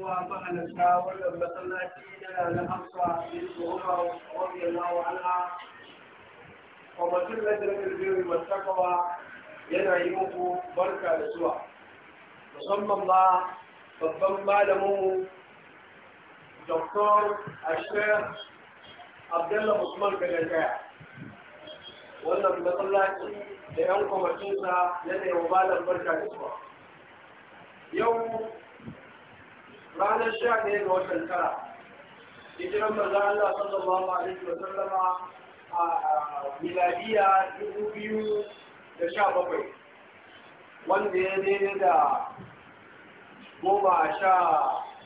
uwa mahalarta wannan masallaci yana na hamsa bin umar kwamitin yana yi muku barka da zuwa musamman ma babban malamin doktor ashir abdullah usman gagagaya wannan masallaci da yan kwamitinsa yana yi wa malam barka da zuwa yau ranar sha ɗaya ga watan tara hijiran manzon Allah sallallahu alaihi wa sallama a miladiya dubu biyu da sha bakwai wanda ya daidai da goma sha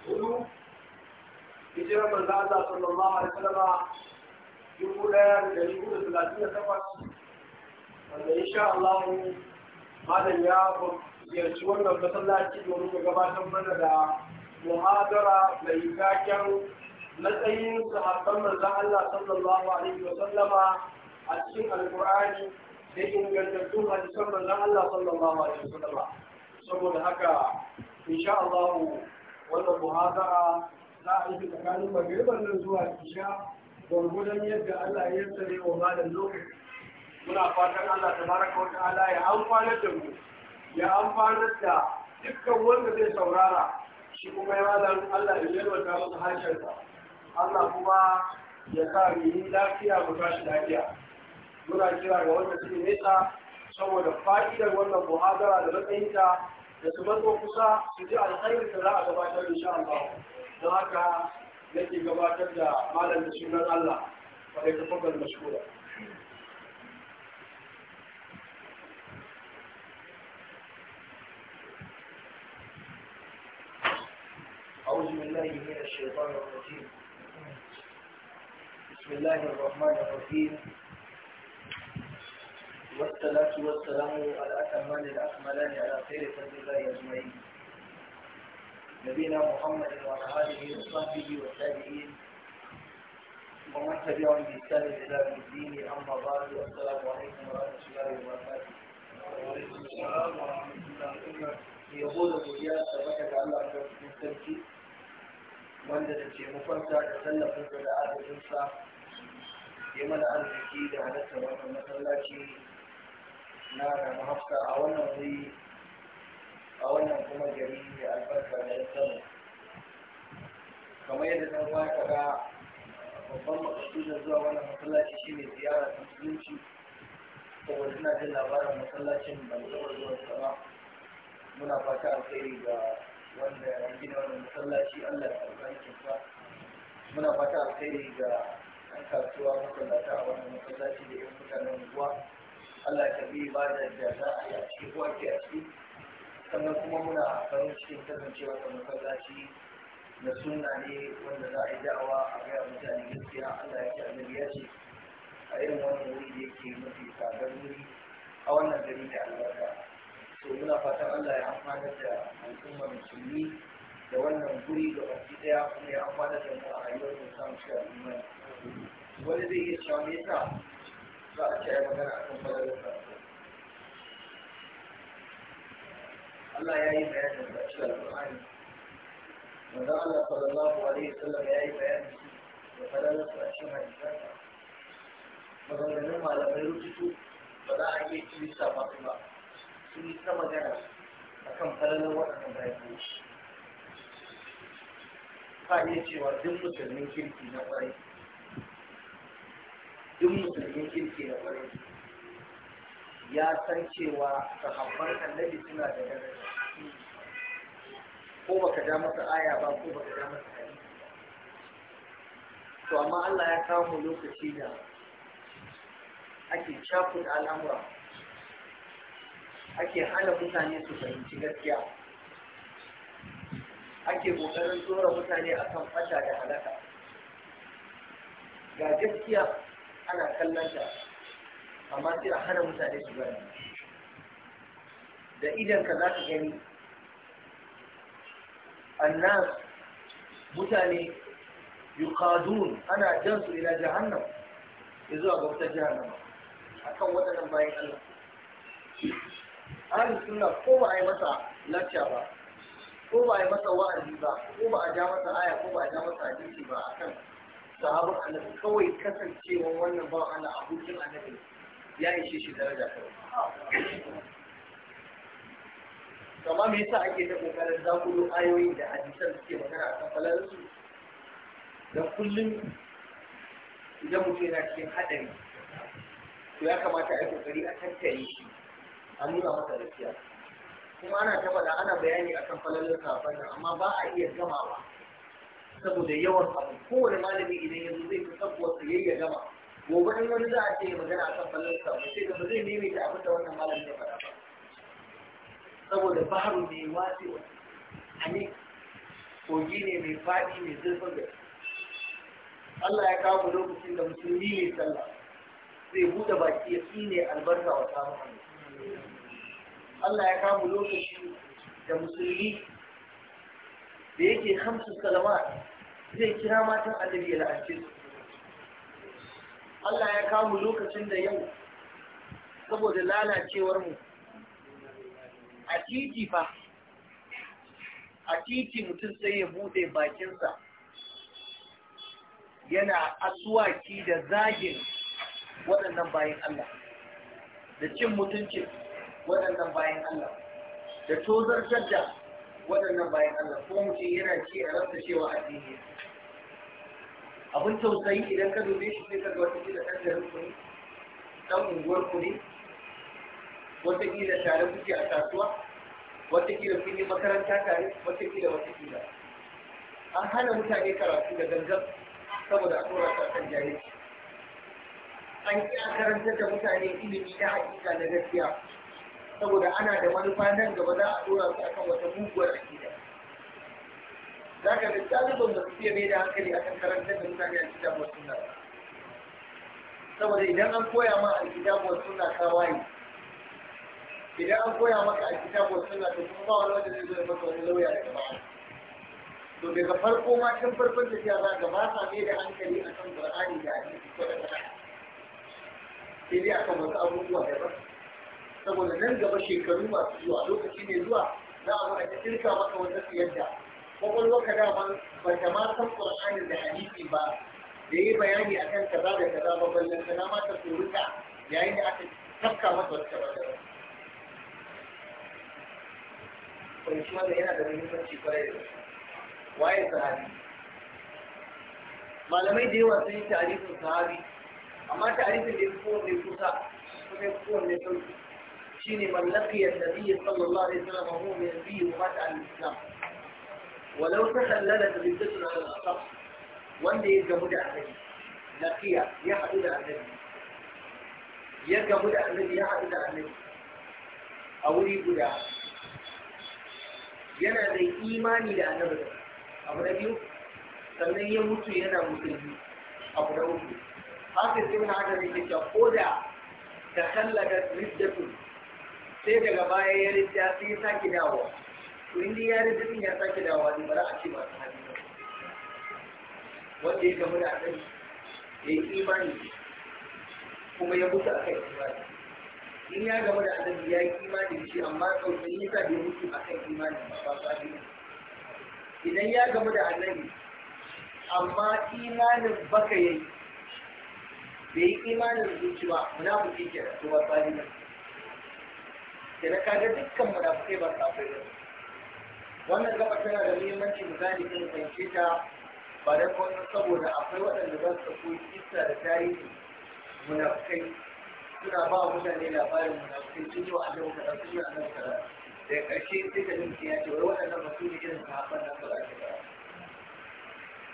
hudu hijiran manzon Allah sallallahu alaihi wa sallama dubu ɗaya da dubu da talatin da takwas wanda sha Allah malam ya ziyarci wannan masallaci domin ya gabatar mana da muhadara mai taken matsayin sahabban manzon Allah sallallahu alaihi wa sallama a cikin alqur'ani da ingantattun hadisan manzon Allah sallallahu alaihi wa sallama saboda haka insha Allah wannan muhadara za a yi tsakanin magriban nan zuwa isha gwargwadon yadda Allah ya tsare wa malam lokaci muna fatan Allah tabaraka wa ta'ala ya amfana da mu ya amfana da dukkan wanda zai saurara shi kuma ya da Allah ya wata masa hajjarsa Allah kuma ya sa mu yi lafiya mu tashi lafiya muna kira ga wanda suke nesa saboda fa'idar wannan muhadara da matsayinta da su matso kusa su ji alkhairin da za a gabatar insha Allah don haka nake gabatar da malam da sunan Allah wa ya tafakkar mashkura بالله من الشيطان الرجيم بسم الله الرحمن الرحيم والصلاة والسلام على أكمل الأكملان على خير خلق الله أجمعين نبينا محمد وعلى آله وصحبه والتابعين ومن تبعهم بإحسان إلى يوم الدين أما بعد والسلام عليكم ورحمة الله وبركاته. وعليكم السلام ورحمة الله وبركاته. يقول أبو جهل تبارك الله عز wanda da taimakonsa da tallafin da agajinsa ya mana arziki da halatta wata masallaci na da hafsa a wannan wuri a wannan kuma gari mai albarka da ya samu kamar yadda zan baka ga babban da zuwa wannan masallaci ne ziyara ta musulunci saboda ina jin labarin masallacin ban zama zuwa sama muna fata alheri ga wanda ya gina wannan masallaci Allah ya karɓa aikinsa muna fata alkhairi ga 'yan kasuwa masallata a wannan masallaci da 'yan mutanen unguwa Allah ya karɓi ba da za a yi a cikin uwa ke a ciki sannan kuma muna farin cikin kasancewa da masallaci na sunna ne wanda za a yi da'awa a gaya mutane gaskiya Allah ya ce annabi ya ce a irin wannan wuri da yake mafi tsadar wuri a wannan gari da albarka to muna fatan Allah ya amfana da al'ummar musulmi da wannan guri da baki daya kuma ya amfana da mu a rayuwar mu samu shi al'umma wani zai iya cewa me yasa za a ce ai magana akan falalar sa Allah ya yi bayanin da shi al'ur'ani wanda Allah sallallahu alaihi wasallam ya yi bayanin da falalar sa a mai hadisansa maganganun malamai rubutu ba za a iya ci lissafa ba sun yi ta magana a kan falalar waɗannan bayan ka iya cewa duk musulmin kirki na ƙwarai duk musulmin kirki na ƙwarai ya san cewa sahabban annabi suna da daraja ko baka ja masa aya ba ko baka ja masa hadisi to amma Allah ya kawo mu lokaci da ake cakuɗa al'amura ake hana mutane su fahimci gaskiya ake ƙoƙarin tsora mutane a kan fata da halaka ga gaskiya ana kallon ta amma sai a hana mutane su gani da idan ka za ka gani Annan mutane yuqadun ana jan jansu ila jahannam ya zuwa ga wutar A akan waɗannan bayan Allah ahli sunna ko ba a yi masa lacca ba ko ba a yi masa wa'azi ba ko ba a ja masa aya ko ba a ja masa hadisi ba akan sahabin annabi kawai kasancewa wannan ba Allah abokin annabi ya ishe shi daraja kawai Kamar me yasa ake ta kokarin zakulo ayoyi da hadisan suke magana akan falalarsu don kullum idan mutum yana cikin haɗari to ya kamata a yi kokari a tattare shi a nuna masa gaskiya kuma ana ta faɗa ana bayani akan falalin sahabban nan amma ba a iya gamawa saboda yawan abu kowane malami idan yanzu zai fi sabuwar yayya gama gobe in wani za a ce ya magana kan falalar sahabban sai gaba zai ta abin da wannan malami ya faɗa ba saboda baharu ne wace wa ne kogi ne mai faɗi mai zurfin da Allah ya kawo lokacin da musulmi mai sallah zai buɗe baki ya tsine albarka wa samun Allah ya kama lokaci da musulmi da yake hamsu salama zai kira matan annabi ya la'ance Allah ya kama lokacin da yau saboda lalacewar mu a titi fa a titi mutum sai ya bude bakinsa yana asuwaki da zagin waɗannan bayan Allah da cin mutunci waɗannan bayan Allah da tozar da waɗannan bayan Allah ko mutum yana ci a rasa cewa addini abin tausayi idan ka dube shi sai ka ga wata gida ɗan garin ku ne ɗan unguwar ku ne wata gida tare kuke a kasuwa wata gida kun yi makaranta tare wata gida wata gida an hana mutane karatu da gangan saboda a tura su a kan jahilci an iya a karantar da mutane ilimi na hakika na gaskiya saboda ana da manufa nan gaba za a dora su akan wata muguwar akida za ka ga ɗaliban ba su fiye mai da hankali kan karantar da mutane a kitab wa sunna saboda idan an koya ma a kitab wa na kawai waye idan an koya maka a kitab wa na kuma ba wani wanda zai zo ya maka wani lauya daga baya to daga farko ma tun farkon tafiya za ka ba sa mai da hankali akan qur'ani da hadisi ko da sana'a sai dai akan wasu abubuwa ba. saboda nan gaba shekaru masu zuwa lokaci ne zuwa za a maka kirka maka wata siyar da kwakwalwar ka daman ba ta ma san qur'ani da hadisi ba da yi bayani akan kaza da kaza ba ballan kana ma ta tsoruta yayin da aka tafka masa wata ba daban kwanci wanda yana da muhimmanci kwarai da waye sahabi malamai da yawa sun yi tarihin sahabi amma tarihin da ya ko ne kusa kuma ko ne shi ne man laqiya an-nabiy sallallahu alaihi wasallam huwa min nabiy wa mata al-islam walau tahallalat biddatun ala al-asaf wanda ya gamu da annabi laqiya ya haɗu da annabi ya gamu da annabi ya haɗu da annabi a wuri guda yana da imani da annabi abu na biyu sannan ya mutu yana musulmi abu na uku hafiz ibn hajar yake ko da ta kallaga riddatu sai daga baya ya ridda sai ya sake dawo to inda ya ridda sun ya sake dawo ne ba za a ce ba hali ba wanda ya gamu da kai ya yi imani kuma ya mutu kai imani in ya gamu da annabi ya yi imani shi amma sa da ya mutu a kan imani ba ba su ne idan ya gamu da annabi amma imanin baka yayi bai yi imanin zuci ba munafiki ke to ba tsari ne ke na kaga dukkan munafikai ba kafai ba wannan gaba tana da muhimmanci mu gane din fahimce ta ba da kuma saboda akwai waɗanda za su koyi kisa da tarihi munafikai suna ba wa mutane labarin munafikai sun yi wa annabi kaza sun yi annabi kaza daga ƙarshe sai da ninki ya ce wai waɗannan ba su ne irin sahabban nan ba za su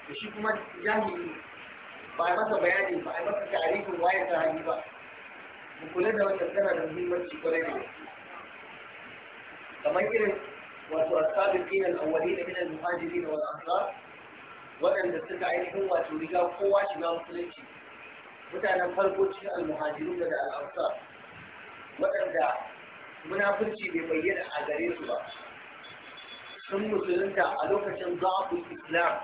ba shi kuma jahili ba a masa bayani ba a masa tarihin waye sahabi ba mu kula da wannan tana da muhimmanci kwarai da kamar irin wato as-sabiqin al-awwalin min al-muhajirin wal ansar waɗanda suka ainihin wato riga kowa shiga musulunci mutanen farko cikin al-muhajirun da al-ansar waɗanda munafurci bai bayyana a gare su ba sun musulunta a lokacin za'afin islam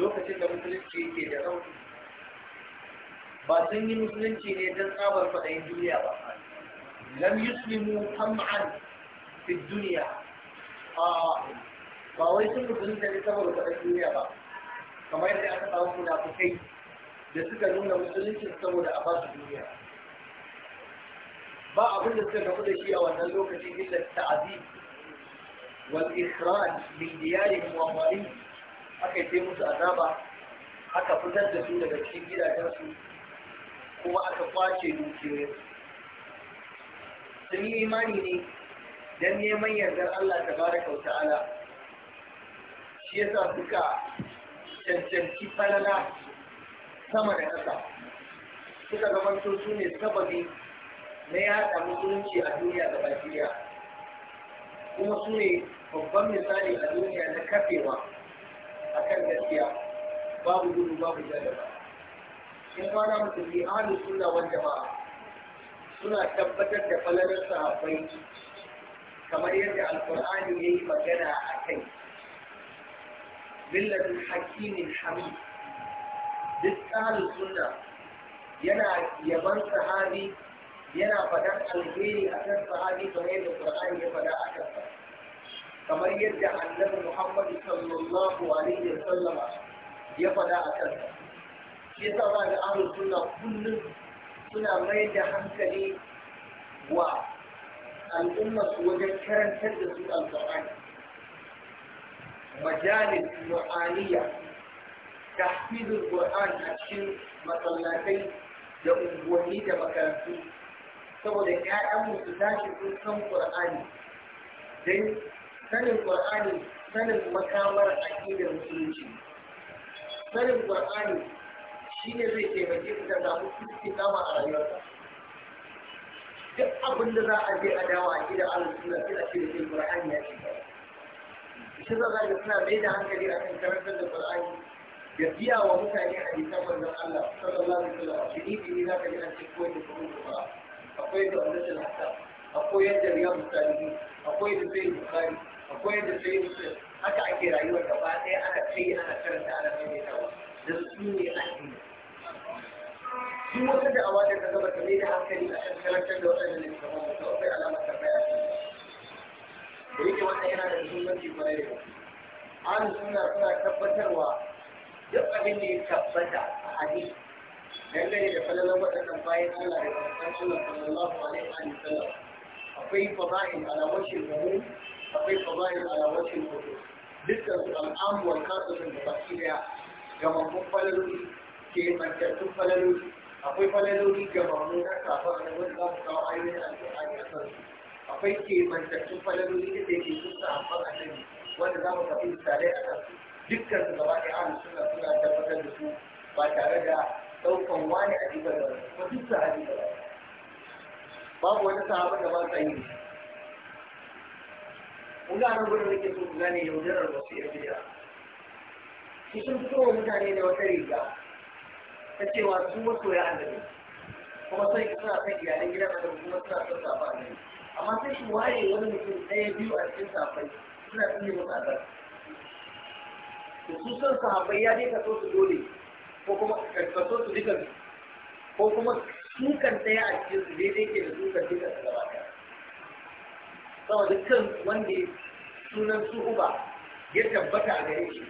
lokacin da musulunci yake da rauni ba sun yi musulunci ne don tsabar kwaɗayin duniya ba lam yuslimu tam'an fi duniya ba wai sun musulunta ne saboda kwaɗayin duniya ba kamar yadda aka samu kai da suka nuna musulunci saboda a basu duniya ba abin da suka gamu da shi a wannan lokacin illa ta'azib wal ikhraj min diyarihim wa amwalihim aka yi musu azaba aka fitar da su daga cikin gidajensu kuma aka kwace dukiyoyin sun yi imani ne don neman yardar Allah ta baraka wa ta'ala shi yasa duka cancanci falala sama da ƙasa suka zamanto su ne sababi na yaɗa musulunci a duniya da bakiya kuma su ne babban misali a duniya na kafewa a kan gaskiya babu gudu babu jarraba in kwana musulmi ahalin sunna wal jama'a suna tabbatar da falalar sahabbai kamar yadda alqur'ani yayi magana a kai millatu hakimin hamid duk ahalin sunna yana yaban sahabi yana faɗar alheri a kan sahabi kamar yadda Qur'ani ya faɗa a kan kamar yadda Annabi Muhammad sallallahu alaihi wa sallama ya faɗa a kan shi yasa ba da ahlus sunna kullum suna mai da hankali wa al'umma su wajen karantar da su alƙur'ani majalis qur'aniya tahfizul qur'an a cikin masallatai da unguwanni da makarantu saboda ƴaƴanmu su tashi sun san qur'ani dan sanin qur'ani sanin makamar aƙidar musulunci sanin qur'ani shi ne zai taimake ka ka samu cikin kama a rayuwarka duk abin da za a je a dawa a gida ala suna sai a da ke qur'ani ya ce shi za ga suna mai da hankali a kan karantar da qur'ani da biya wa mutane a jikin manzon Allah sallallahu alaihi wasallam shi ne ne za ka ji an ce da kuma akwai da wanda wannan salata akwai yadda riyadu salihin akwai da sai bukari akwai da sai muslim haka ake rayuwa gaba ɗaya ana kai ana karanta ana maimaitawa da su ne addini shi wata da awa da gaba ta mai da hankali a kan kalantar da waɗanda ne kamar da ta akwai alamar tambaya da yake wannan yana da muhimmanci kwarai da gaske an suna suna tabbatarwa duk abin da ya tabbata a hadisi dangane da falalar waɗannan bayan Allah da kan Allah sallallahu alaihi wa sallam akwai fada'il alamun shekaru akwai fada'il alamun shekaru dukkan su al'amuwar kasuwancin da baki daya ga mamman falaloli ke mantattun falaloli akwai falaloli ga mamu na safa a nan za su kawo ayoyin alƙur'ani a kan akwai kemantattun falaloli da ke kusa a a nan wanda za mu tafi misalai a kan dukkan su gaba ɗaya ahlus suna suna tabbatar da su ba tare da ɗaukan wani a jibar ba kuma duk su a jibar babu wani sahaba da ba sa yi Kuna na gudun da ke so gane yaudarar wasu yan bidiya. Cikin fitowa mutane da wata riga ta cewa su wasu ya annabi kuma sai suna son iyalan gida da kuma suna son safa annabi amma sai shi waye wani mutum ɗaya biyu a cikin safai suna cinye musu azar to su son sahabbai ya dai so su dole ko kuma so su dukan ko kuma su kan ɗaya a cikin su daidai ke da su kan dukan su gaba ɗaya saboda kan wanda sunan su uba ya tabbata a gare shi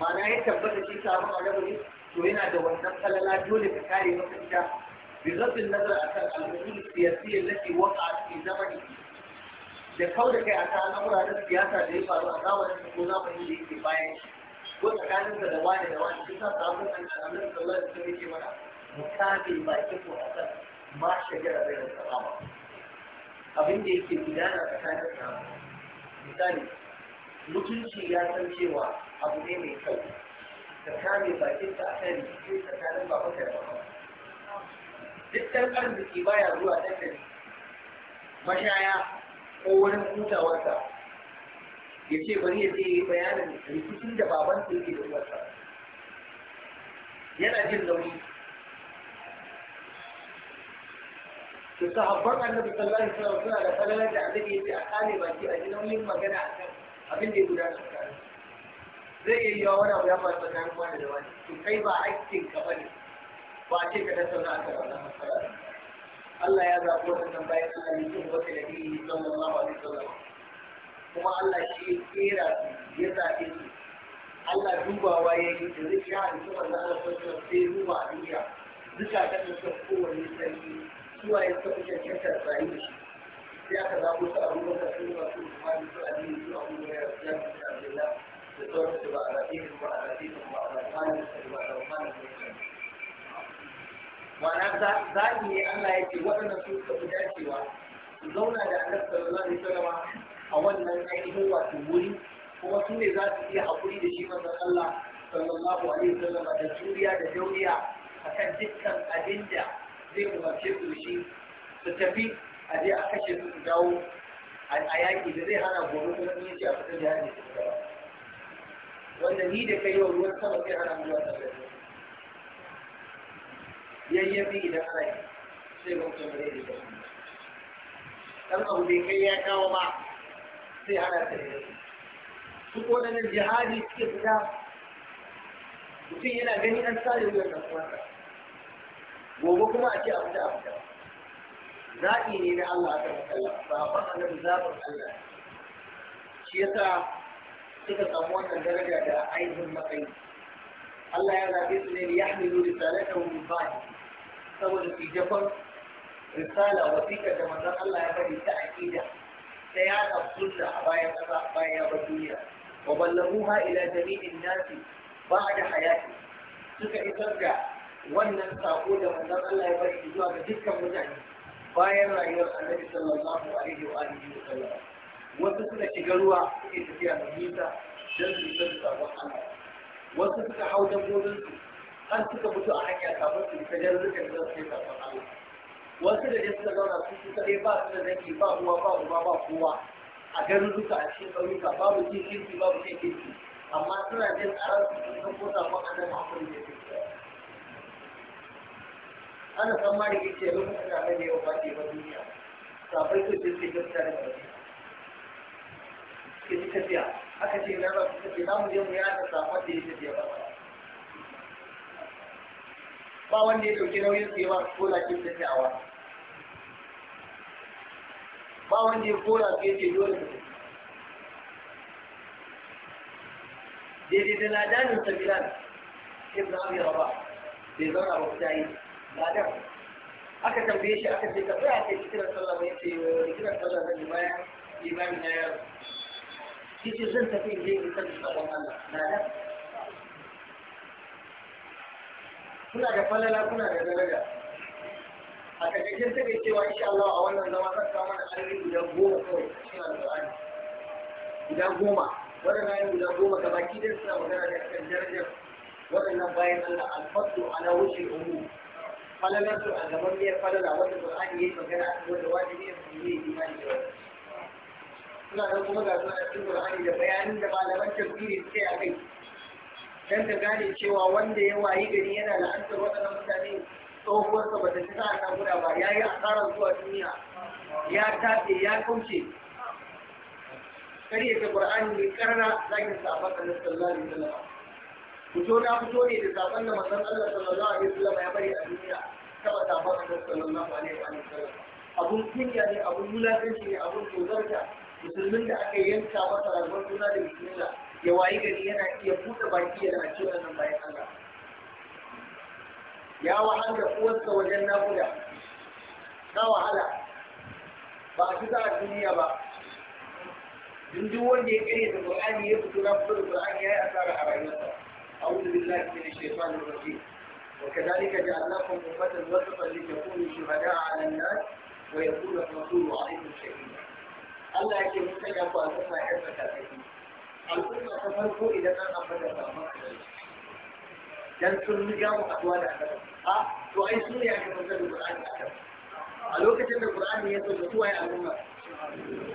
ma'ana ya tabbata shi sabon annabi ne to yana da wannan falala dole ka kare maka ita بغض النظر عن الامور ke التي وقعت في زمنه da kau da kai a kan al'amura na siyasa da ya faru a zamanin ko zamanin da yake bayan ko tsakanin da wani da wani kusa sabon da al'amuran sallallahu alaihi wasallam yake mana mutane ba ke ko a kan ma shagara bai da salama abin da yake gudana tsakanin sa misali mutunci ya san cewa abu ne mai kyau ka kame bakin ka sani, rikici tsakanin babanka da babanka duk dan arziki baya zuwa ɗan mashaya ko wani hutawarsa ya ce bari ya ce yi bayanin rikicin da baban su yake da uwarsa yana jin nauyi to sahabban annabi sallallahu alaihi wasallam suna da falalar da annabi ya ce a kane baki a ji nauyin magana akan abin da ya gudana tsakanin zai iya yiwa wani abu ya faru tsakanin wani da wani to kai ba aikin ka ba bane ba ce ka dasa na aka wannan masala Allah ya zaɓi waɗannan bayan Allah ne kin wata da ni sallallahu alaihi wasallam kuma Allah shi ya kera su ya zaɓe su Allah dubawa ya yi da zai sha hadisi manzo Allah sallallahu alaihi wasallam sai duba a duniya duka ta ɗauka kowanne sarki suwa ya taɓa cancantar rayu da shi sai aka zaɓo su a ruwan kasu masu kuma su a duniya su a ruwan ya zaɓi da Abdullahi ma'ana zaɓi ne Allah ya ce waɗannan su suka fi dacewa su zauna da annabi sallallahu alaihi wasallam a wannan ainihin wato wuri kuma su ne za su iya haƙuri da shi manzon Allah sallallahu alaihi wasallam da juriya da dauriya akan dukkan abin da zai umarce su shi su tafi a je a kashe su su dawo a yaƙi da zai hana gobe kuma in yace a fitar da yaƙi su gaba wanda ni da kai yau ruwan sama sai ana mu wata da yayyafi idan ana yi sai ga mutum da shi dan abu da kai ya kawo ma sai ana ta yi su ko da nan jihadi suke fita mutum yana gani an sare wuyan nan kuma gobe kuma a ce a fita a fita zaɓi ne na Allah a kan Allah ba a ban annabi zaɓin Allah shi yasa suka samu wannan daraja da ainihin matsayi Allah ya zaɓi su ne da ya hamilu risalatan min saboda risala wasiƙa da manzon Allah ya bari ta aqida ta ya sunna a bayan ƙasa bayan ya bar duniya wa ballaguha ila jami'in nasi da hayati suka isar da wannan sako da manzon Allah ya bari zuwa ga dukkan mutane bayan rayuwar Annabi sallallahu alaihi wa alihi wa sallam wasu suka shiga ruwa suke tafiya da nisa don su isa da sabon Allah wasu suka hau dabbobin su an suka mutu a hanya kafin su isa don rika da zai kai sabon Allah wasu da suka zauna su su kare ba su da zaki ba uwa ba uba ba kowa a duka a cikin ƙauyuka babu cin kirki babu cin kirki amma suna jin tsaron su sun san ko sabon Allah ma kuma ne ana san ma da ke ce lokacin da Allah yau ba ke ba duniya sabai su ce sai gaskiya da gaskiya ke yi tafiya aka ce na ba su tafiya za mu je mu ya ta samu wanda ya tafiya ba ba wanda ya dauki nauyin su yawa ko da ke tafiya wa ba wanda ya kora su ya ce dole su daidai da ladanin sabilan ibn abi rabah bai zauna ba kuta yi ladan aka tambaye shi aka ce ka tsaya kai kiran sallah mai ce kiran sallah zan yi bayan imani na yaro Cikin zan tafi in je in da tsoron Allah na da kuna da falala kuna da daraja a takaice take cewa insha Allah a wannan zama zan kawo da ayoyi guda goma kawai cikin al alƙur'ani guda goma waɗannan yin guda goma ga baki da suna magana da kan darajar waɗannan bayan Allah alfaddu ala wuce umu falalar su a gaban miyar falala wanda Qur'ani yi magana a cikin wanda wajibi ne su yi imani da wannan suna nan kuma ga suna cikin Qur'ani da bayanin da malaman tafsiri suke a kai dan da gane cewa wanda ya wayi gari yana la'antar waɗannan mutane tsohuwarsa ba ta ci sa'a ta guda ba ya yi asarar zuwa duniya ya tafe ya kauce karyata Qur'ani mai karna zagin sahabban Annabi sallallahu alaihi wasallam fito na fito ne da sabon da manzon Allah sallallahu alaihi wasallam ya bari a duniya taba sabon Annabi sallallahu alaihi wasallam abun kunya ne abun mulakanci ne abun tozarta musulmin da aka yanka masa ragon suna da bismillah ya wayi gari yana iya buɗe baki yana ci wannan bayan Allah ya wahala da uwarsa wajen nakuda ta wahala ba a fita a duniya ba duk duk wanda ya kare da Qur'ani ya fito na fito da Qur'ani ya yi asara a rayuwarsa أعوذ بالله من الشيطان الرجيم وكذلك جعلناكم أمة وسطا لتكونوا شهداء على الناس ويكون الرسول عليكم شهيدا Allah yake mutum ya ku al'umma ya matakaki al'umma ta farko idan an amma ambata samu dan sun riga mu haduwa da annabi a to ai su ne ake mutar da Qur'ani a A lokacin da Qur'ani ya zo su waye al'umma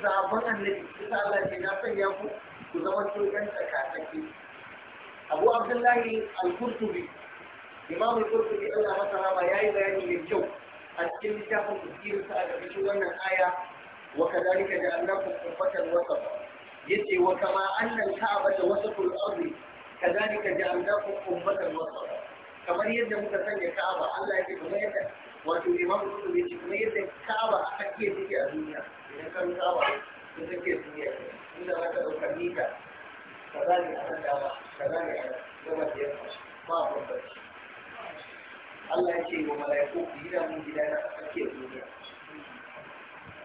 sabon annabi kusa Allah ya na sanya ku ku zama sojan tsakatsaki Abu Abdullahi Al-Qurtubi Imam Al-Qurtubi Allah masa rahama yayi bayani mai kyau a cikin littafin tafsirin sa a ƙarƙashin wannan aya وكذلك جعلناكم أمة وسطا يتي وكما أن الكعبة وسط الأرض كذلك جعلناكم أمة وسطا kamar yadda muka sanya Ka'aba Allah ya ce kamar yadda wato Imam Qutb yadda Ka'aba a tsakiya take a duniya idan kan Ka'aba ta tsakiya duniya inda za ka dauka mita kaza ne a nan dama kaza a Allah ya ce wa ku gida na tsakiya duniya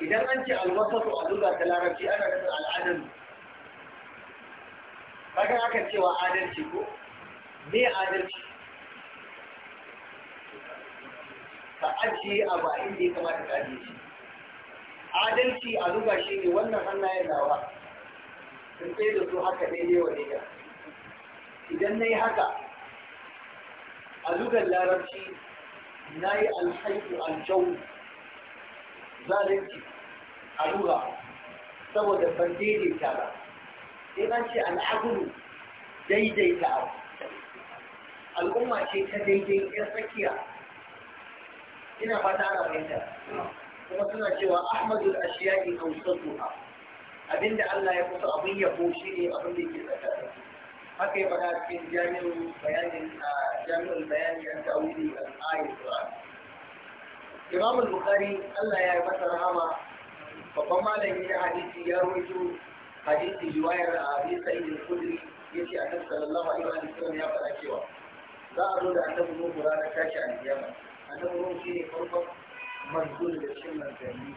idan an ce alwasatu a lura ta larabci ana nufin al'adalu kaga akan cewa adalci ko me adalci ka ajiye abu a inda ya kamata ka ajiye shi adalci a lura shi ne wannan hannayen nawa sun tsaye da su haka daidai wa daidai idan na yi haka a lugar larabci na yi alhaifu aljawu zalunci a ruwa saboda ban daidaita ba sai an ce al'adulu daidaita abu al'umma ce ta daidai yan tsakiya ina fata ana fahimta kuma suna cewa Ahmadu ne a wutar kawsatuha abinda Allah ya kusa abin yabo ne abin da ke tsakanin haka ya faɗa cikin jami'ul bayani jami'ul bayani an ta'awili a ayatul imam al-bukhari Allah ya yi masa rahama babban malami na hadisi ya rubuto hadisi riwayar abi sa'id al-khudri yace annabi sallallahu alaihi wa sallam ya faɗa cewa za a zo da annabi nuhu ranar tashi al-kiyama annabi nuhu shine farkon manzo da cikin manzanni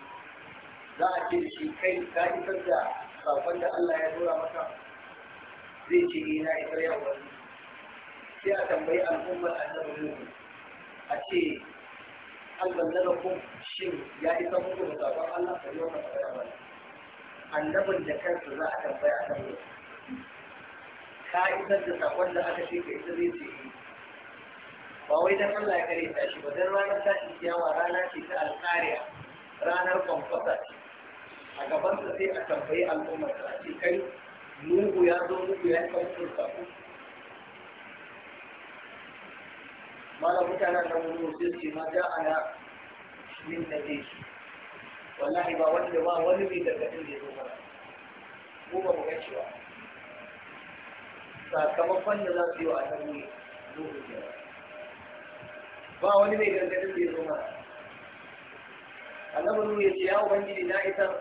za a ce shi kai ka isar da sakon da Allah ya dora maka zai ce ina eh, isar yawa sai a tambayi al'ummar annabi nuhu a ce na da kun shi ya isa muku da sabon Allah ka yi ka tsaya ba annabin da kansa za a tambaya a kan ka isar da sakon da aka ce ka isa zai ce ba wai dan Allah ya kare ta shi ba dan ranar tashi kiyawa rana ce ta alƙariya ranar kwamfasa ce a gabansa sai a tambayi al'ummar ta ce kai nuhu ya zo mugu ya yi kwamfasa malam mutanen nan wani sai ce ma ja ana min da ke shi wallahi ba wanda ba wani mai gargadin da ya zo mana ko ba mu ga cewa sakamakon da za su yi wa ne zuwa kenan ba wani mai gargadin da ya zo mana annabi nuhu ya ce ya ubangiji na isar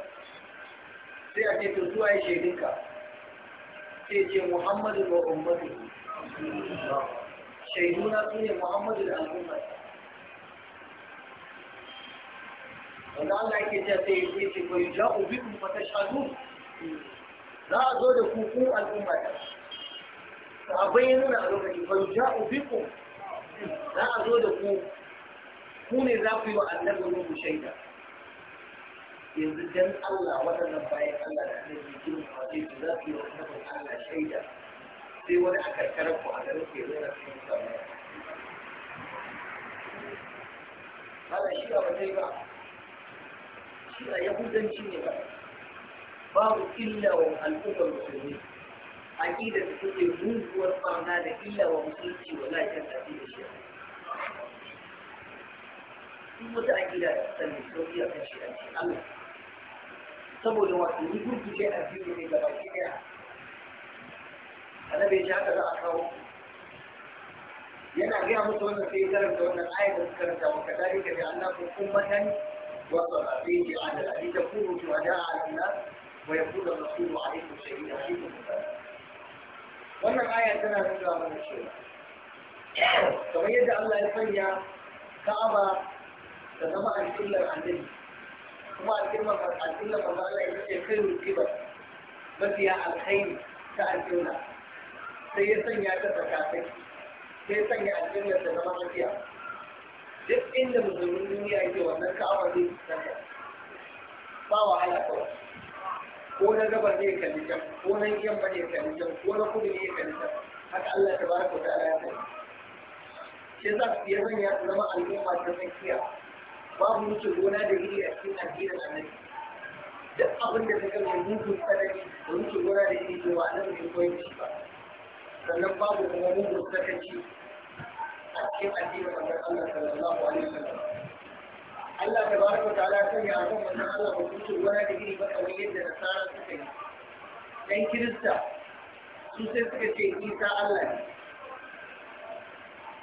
sai a ce to zuwa ya shaidinka sai ce muhammadu wa ummatu shaiduna su Muhammadu da al'umma. Wanda Allah yake cewa sai ya ce ko yuja'u bikum fa tashhadun za a zo da ku ku al'umma ta. Sahabbai ya a lokaci fa yuja'u bikum za a zo da ku ku ne za ku yi wa annabi ruhu shaida. Yanzu dan Allah waɗannan bayan Allah da annabi girma wajen da za su yi wa annabin Allah shaida. sai wani a karkarar ku a garin ke zai na cikin samu ana shi ba zai ba shi a yahudanci ne ba babu illa wa al'ummar musulmi aƙidar da suke muguwar barna da illa wa musulunci wa lafiyar da ake da shi Sun wata aƙida da ta sani sauƙi a kan shi a cikin Allah saboda wasu ni gurguje a biyu ne gaba ɗaya annabi ya ji haka za a kawo yana gaya musu wannan sai karanta wannan ayat da karanta wa kadalika da annakum ummatan wa salatihi ala ali takunu shuhada'a ala nas wa yakunu rasulu alaykum shahida alaykum wannan aya tana nuna mana cewa kamar yadda Allah ya sanya Ka'aba da zama alƙillar annabi kuma alƙillar alƙillar manzo Allah ya ce kai kibar mafiya alkhairi ta alƙillar sai ya sanya ta tsakatai sai ya sanya aljanna ta zama tafiya duk inda musulmin duniya ke wannan ka'aba zai fuskanta ba wahala kawai ko na gabar ne kalli can ko na yamma ne kalli can ko na kudu ne kalli can haka Allah ta baraka ta ala ya sani shi za su ya zama al'umma ta tsakiya babu wuce gona da iri a cikin addinin annabi duk abin da ta gama mutum tsanani da wuce gona da iri to ba annabi ne koyi ba sannan babu kuma mugun sakaci a cikin addinin manzon Allah sallallahu alaihi wasallam Allah ta baraka wa ta'ala sai ya ga manzon Allah ba kuce wani da gini ba kamar yadda nasara suka yi dan kirista su sai suka ce Isa Allah ne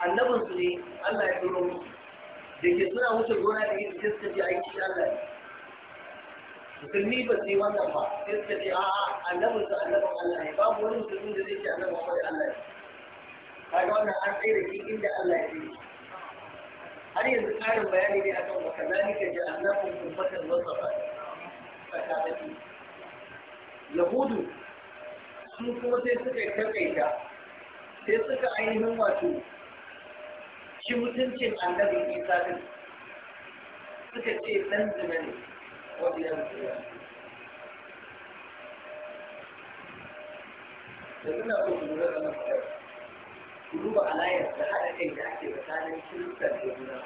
annabinsu ne Allah ya turo musu da ke suna wuce gona da gidi sai suka ce ai Allah ne musulmi ba su yi wannan ba sai suka ce a'a annabin su annabin Allah ne babu wani musulmi da zai ce annabin Muhammad Allah ne kaga wannan an tsaye da shi inda Allah ya yi har yanzu karin bayani ne akan wa kazalika ja'alnakum ummatan wasafa tsakanin yahudu su kuma sai suka yi takaita sai suka ainihin wato shi mutuncin annabin isa din suka ce dan zina ne da suna so su lura da mafiya ku duba alayar da haɗa kai da ake tsakanin kirista da juna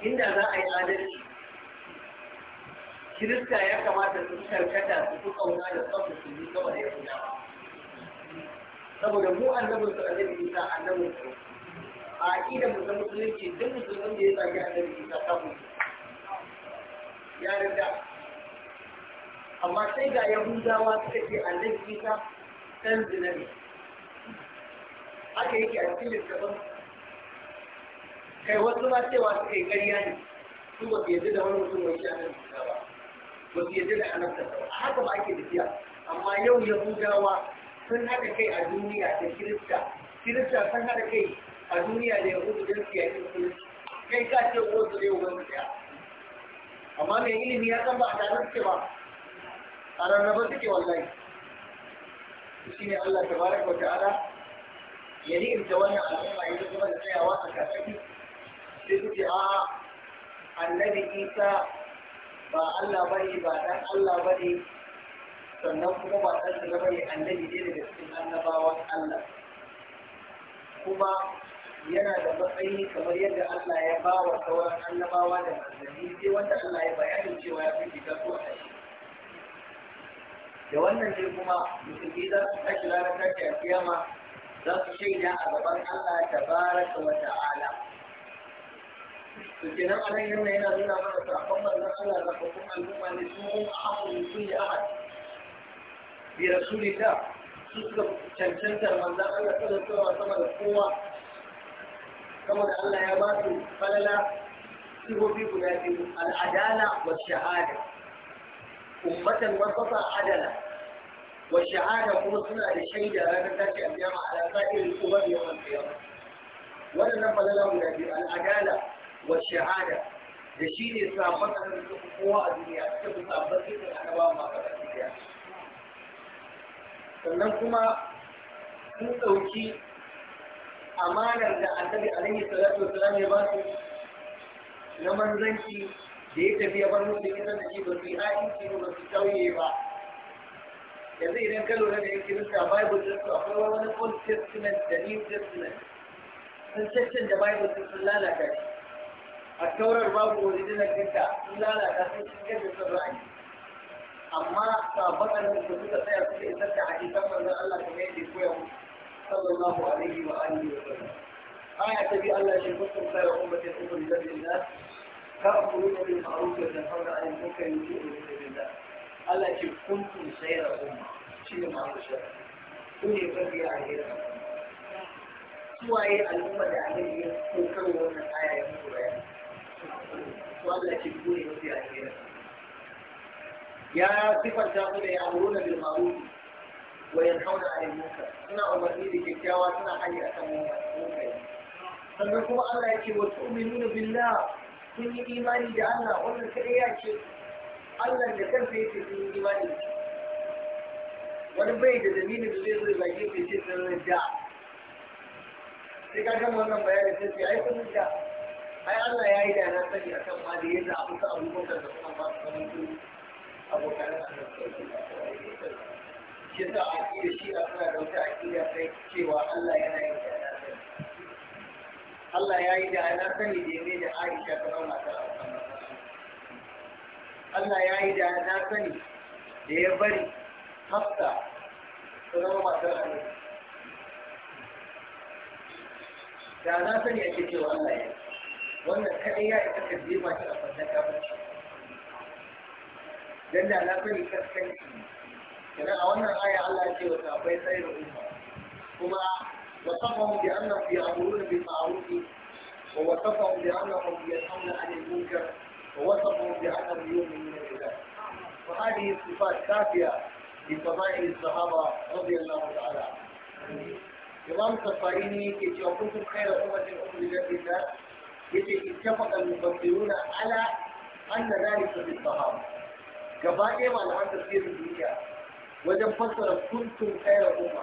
inda za a yi adalci kirista ya kamata su karkata su fi kauna da tsawon su yi gaba da yahudawa saboda mu annabin su annabi isa annabin su a aƙidar mu ta musulunci duk musulmin da ya zagi annabi isa kafin ya rinda amma sai ga yahudawa suka ce annabi isa dan zinari, ne haka yake a cikin littafin kai wasu ma cewa suka yi ƙarya ne su ba su yadda da wani mutum mai shi annabi isa ba ba su yadda da annabta ba a haka ba ake tafiya amma yau yahudawa sun haɗa kai a duniya da kirista kirista sun haɗa kai a duniya da yahudu don su yaƙi musulunci kai ka ce ko su ne wani ɗaya amma mai ilimi ya san ba a tare suke ba a rarraba suke wallahi shi ne Allah baraka wa ta'ala ya ni'imta wannan al'umma ya zo kuma da tsayawa a kakaki sai su ce a annabi isa ba Allah bane ba dan Allah bane sannan kuma ba ɗan shiga bane annabi ne daga cikin annabawan Allah kuma yana da matsayi kamar yadda Allah ya ba wa sauran annabawa da manzanni sai wanda Allah ya bayani cewa ya fi fita ko a shi. Da wannan ne kuma musulmi za su tashi ranar tashi a kiyama za su shaida a gaban Allah ta baraka wa ta'ala. Suke nan anan yana yana nuna mana sakon manzan Allah da kuma al'umma ne su mun ahamu sun yi ahad. Bi rasulillah su suka cancantar manzan Allah sallallahu alaihi wa sama da kowa saboda Allah ya ba su falala sihofi guda biyu al'adala wa shahada ummatan wasata adala wa shahada kuma suna da shaida ranar tashi a jama a lafa'il kuma da yawan kiyama waɗannan falala guda biyu al'adala wa shahada da shi ne sabon da suka fi kowa a duniya suka fi sabon dukkan annabawa masu ƙarfi sannan kuma sun ɗauki amanar da annabi alaihi salatu Salam ya ba su na manzanci da ya tafi ya bar musu ita da ke ba su yi aiki ba su tauye ba yanzu idan ka lura da yake kirista bible din su akwai wani old testament da new testament sun cancan da bible din sun lalata shi a taurar babu original dinta sun lalata sun cikin da sun ra'ayi amma sabon annabi da suka tsaya suka isar da hadisan manzon Allah kamar yadda ya koya musu sallallahu alaihi wa alihi wa sallam aya ta bi Allah shi kuntum khayra ummatin ukhrijat lin-nas ta'muruna bil ma'ruf wa tanhauna 'anil munkar wa tu'minuna billah Allah shi kuntum khayra umma shi ne ma'anar shari'a ku ne farki a hira suwaye al'umma da annabi ya kokar wannan aya ya muku bayani to Allah shi ku ne mafi a hira ya sifanta ku da ya'muruna bil ma'ruf وينهون عن المنكر سنة أمرني بكتاوى سنة حي أسمون منكر سنكم الله يكي وتؤمنون بالله كل إيماني جعلنا قلنا كرياتي الله لكن في كل إيماني wani bai da dalilin da zai zai baki ke ce sun rinja sai ka gama wannan bayani sai ce ai sun rinja ai Allah ya yi da na sani akan ma da yadda abu ta abubuwan da kuma ba su kamar su abokan da suka shi sa a da shi a suna da wata aƙida kai cewa Allah yana yi da ana sani Allah ya yi da ana sani da ya da Aisha ta zama ta Allah ya yi da ana sani da ya bari hafta ta zama matar annabi da ana sani ake cewa Allah ya yi wannan kaɗai ya isa ka zima shi a fannaka kafin shi? Dan da na sani kaskanci kenan a wannan aya Allah ya ce wa sahabbai sayar umma kuma wasafahum bi annahum ya'muruna bil ma'ruf wa wasafahum bi annahum yanhauna 'anil munkar wa wasafahum bi annahum yu'minuna billah wa hadhihi sifat kafiya li fadail as-sahaba radiyallahu ta'ala Imam Safarini ke cewa kuntum khayra ummatin ukhrijat lin-nas yace ittafaqa al-mufassiruna ala anna dhalika bis-sahaba gaba ɗaya malaman tafsirin duniya wajen fassara kuntum kaira umma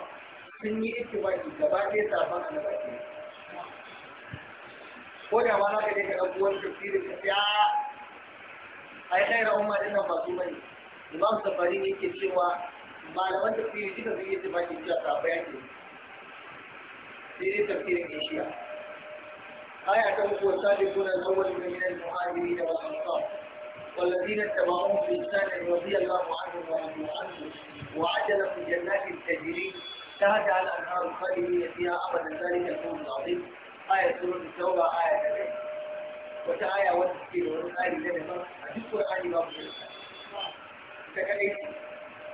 sun yi ittifaqi gaba ɗaya safan annabi ko da ma haka ne ka ɗauko wani tafsiri ka ce a ai kaira umma din nan ba su bane imam safari ne yake cewa malaman tafsiri duka sun yi ittifaqi cewa safaya ke sai dai tafsirin ishiya aya ta uku wa sabiquna al-awwaluna min al-muhajirin wal ansar والذين اتبعوهم بإحسان رضي الله عنهم ورضي عنه وعجل في جنات تجري على أنهار الخالدين فيها أبدا ذلك الكون العظيم آية سورة التوبة آية ثلاثة وتعالى والتسكيل ورد آية ثلاثة أجد كل آية باب الثلاثة تكاليك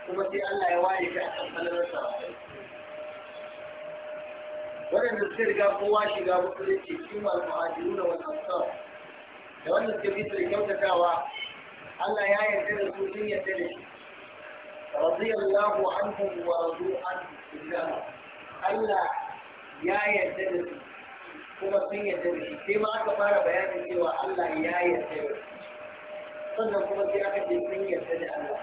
ومسي ألا يوالي في أحسن خلال السرعة ولن نذكر قام قواشي قام قلت شما المهاجرون والأنصار لأن الكبير في الكوثة كاوا Allah ya yarda da su sun yarda da shi radiyallahu anhum wa radu an Allah ya yarda da su kuma sun yarda da shi sai ma aka fara bayanin cewa Allah ya yarda da su sannan kuma sai aka ce sun yarda da Allah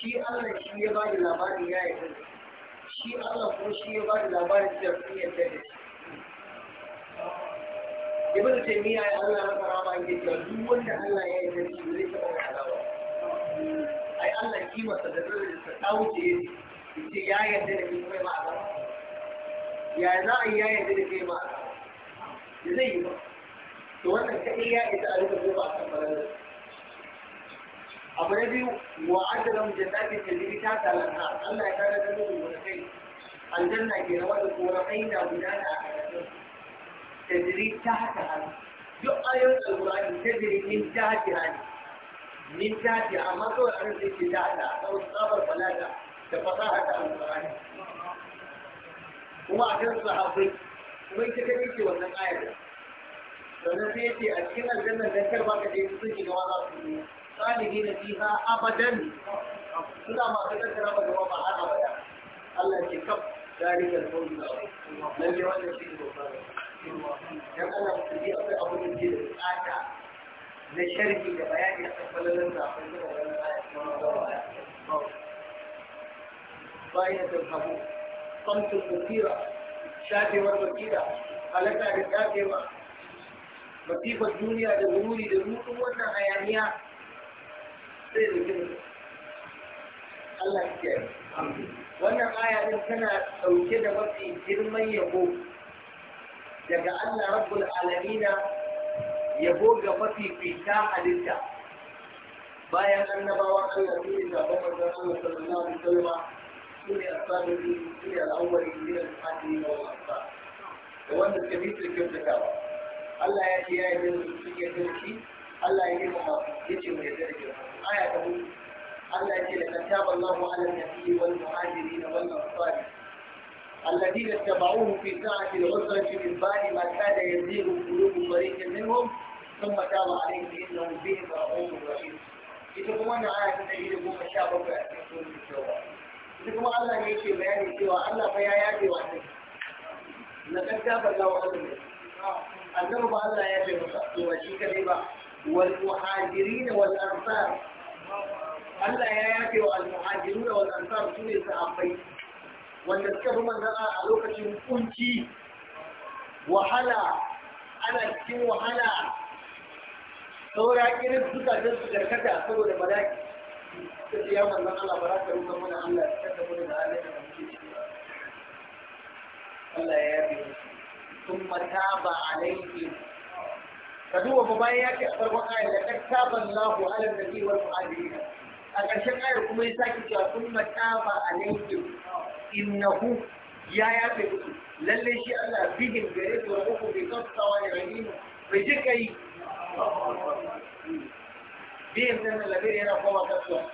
shi Allah shi ya ba da labarin ya yarda da shi shi Allah ko shi ya ba da labarin da sun yarda da shi ibnu taymiya ya Allah masa rama yake cewa duk wanda Allah ya yi da shi zai taɓa mai azaba ai Allah kima sa da darajar sa ta wuce yace ya yarda da kai kuma ma azaba ya za a yi ya yarda da kai ma azaba zai yi ba to wannan kaɗai ya isa a rika zuwa a kan baralar abu na biyu wa ajalam jannatin tafi ta talanta Allah ya kare da mutum da kai aljanna ke rawa da korakai da gudana a تدريب تحت هذا جو ايون القران تدريب من تحت هذا من تحت عمرو عن الابتداع لا او الصبر ولا لا تفصاحه القران وما عشان صحابي ومن تكلمت في وزن ايه فنسيتي اشكال الجنه ذكر ما قد يصيح جوازات الدنيا خالدين فيها ابدا كل ما تذكر ابدا وما حرم الله يكف ذلك الفوز من جوازات الدنيا dan ana kuɗi akwai abin da ke da bukata na sharhi da bayani a kan falalar zafin da wannan ayatun gawa bayan da hagu, kamtun mutira shafewar bakira halaka da shafewa masifar duniya da wuri da rutun wannan hayaniya sai da gina Allah ya wannan aya din tana ɗauke da mafi girman yabo daga Allah rabbul alamina ya yabo ga fita halitta bayan annabawan Allah su ne zaɓen wajen Allah sallallahu alaihi wasallam su ne asabiqi su ne al'awwali su ne al-fatihi wa al da wanda suka bi su kyautatawa Allah ya ce ya yi bin su ya dauki Allah ya yi girma ya ce mai yarda da girma aya ta hudu Allah ya ce laqad taba Allahu 'ala an-nabiyyi wal na wannan ansari الذين اتبعوه في ساعة العسرة من بعد ما كاد يزيغ قلوب فريق منهم ثم تاب عليهم إنهم بهم رؤوف رحيم. إذا كما نعرف أن يجدكم الشعب في أسفل الجواب. إذا كما الله يجي بيان سوى الله فيا يأتي وحده. لقد تاب الله وحده. الذنب الله يجي وشيك لبا والمهاجرين والأنصار. الله يأتي والمهاجرون والأنصار سنة أبيت. wanda suka fi manzana a lokacin kunci wahala ana cikin wahala saura irin zukatan su karkata saboda malaki ta ce ya manzan Allah ba za ka ruka mana Allah ta da mu da Allah da muke ciki Allah ya yabe sun mata ba alaiki ka duba ba bayan ya ce a farkon ayar da ta taban lahu ala nabi wal muhajirin a ƙarshen ayar kuma ya sake cewa sun mataba a laifin innahu ya yafe musu lallai shi Allah bihin gare su wa uku bai kasawa da rahimu bai ji kai biyan nan da labiri yana koma kasuwa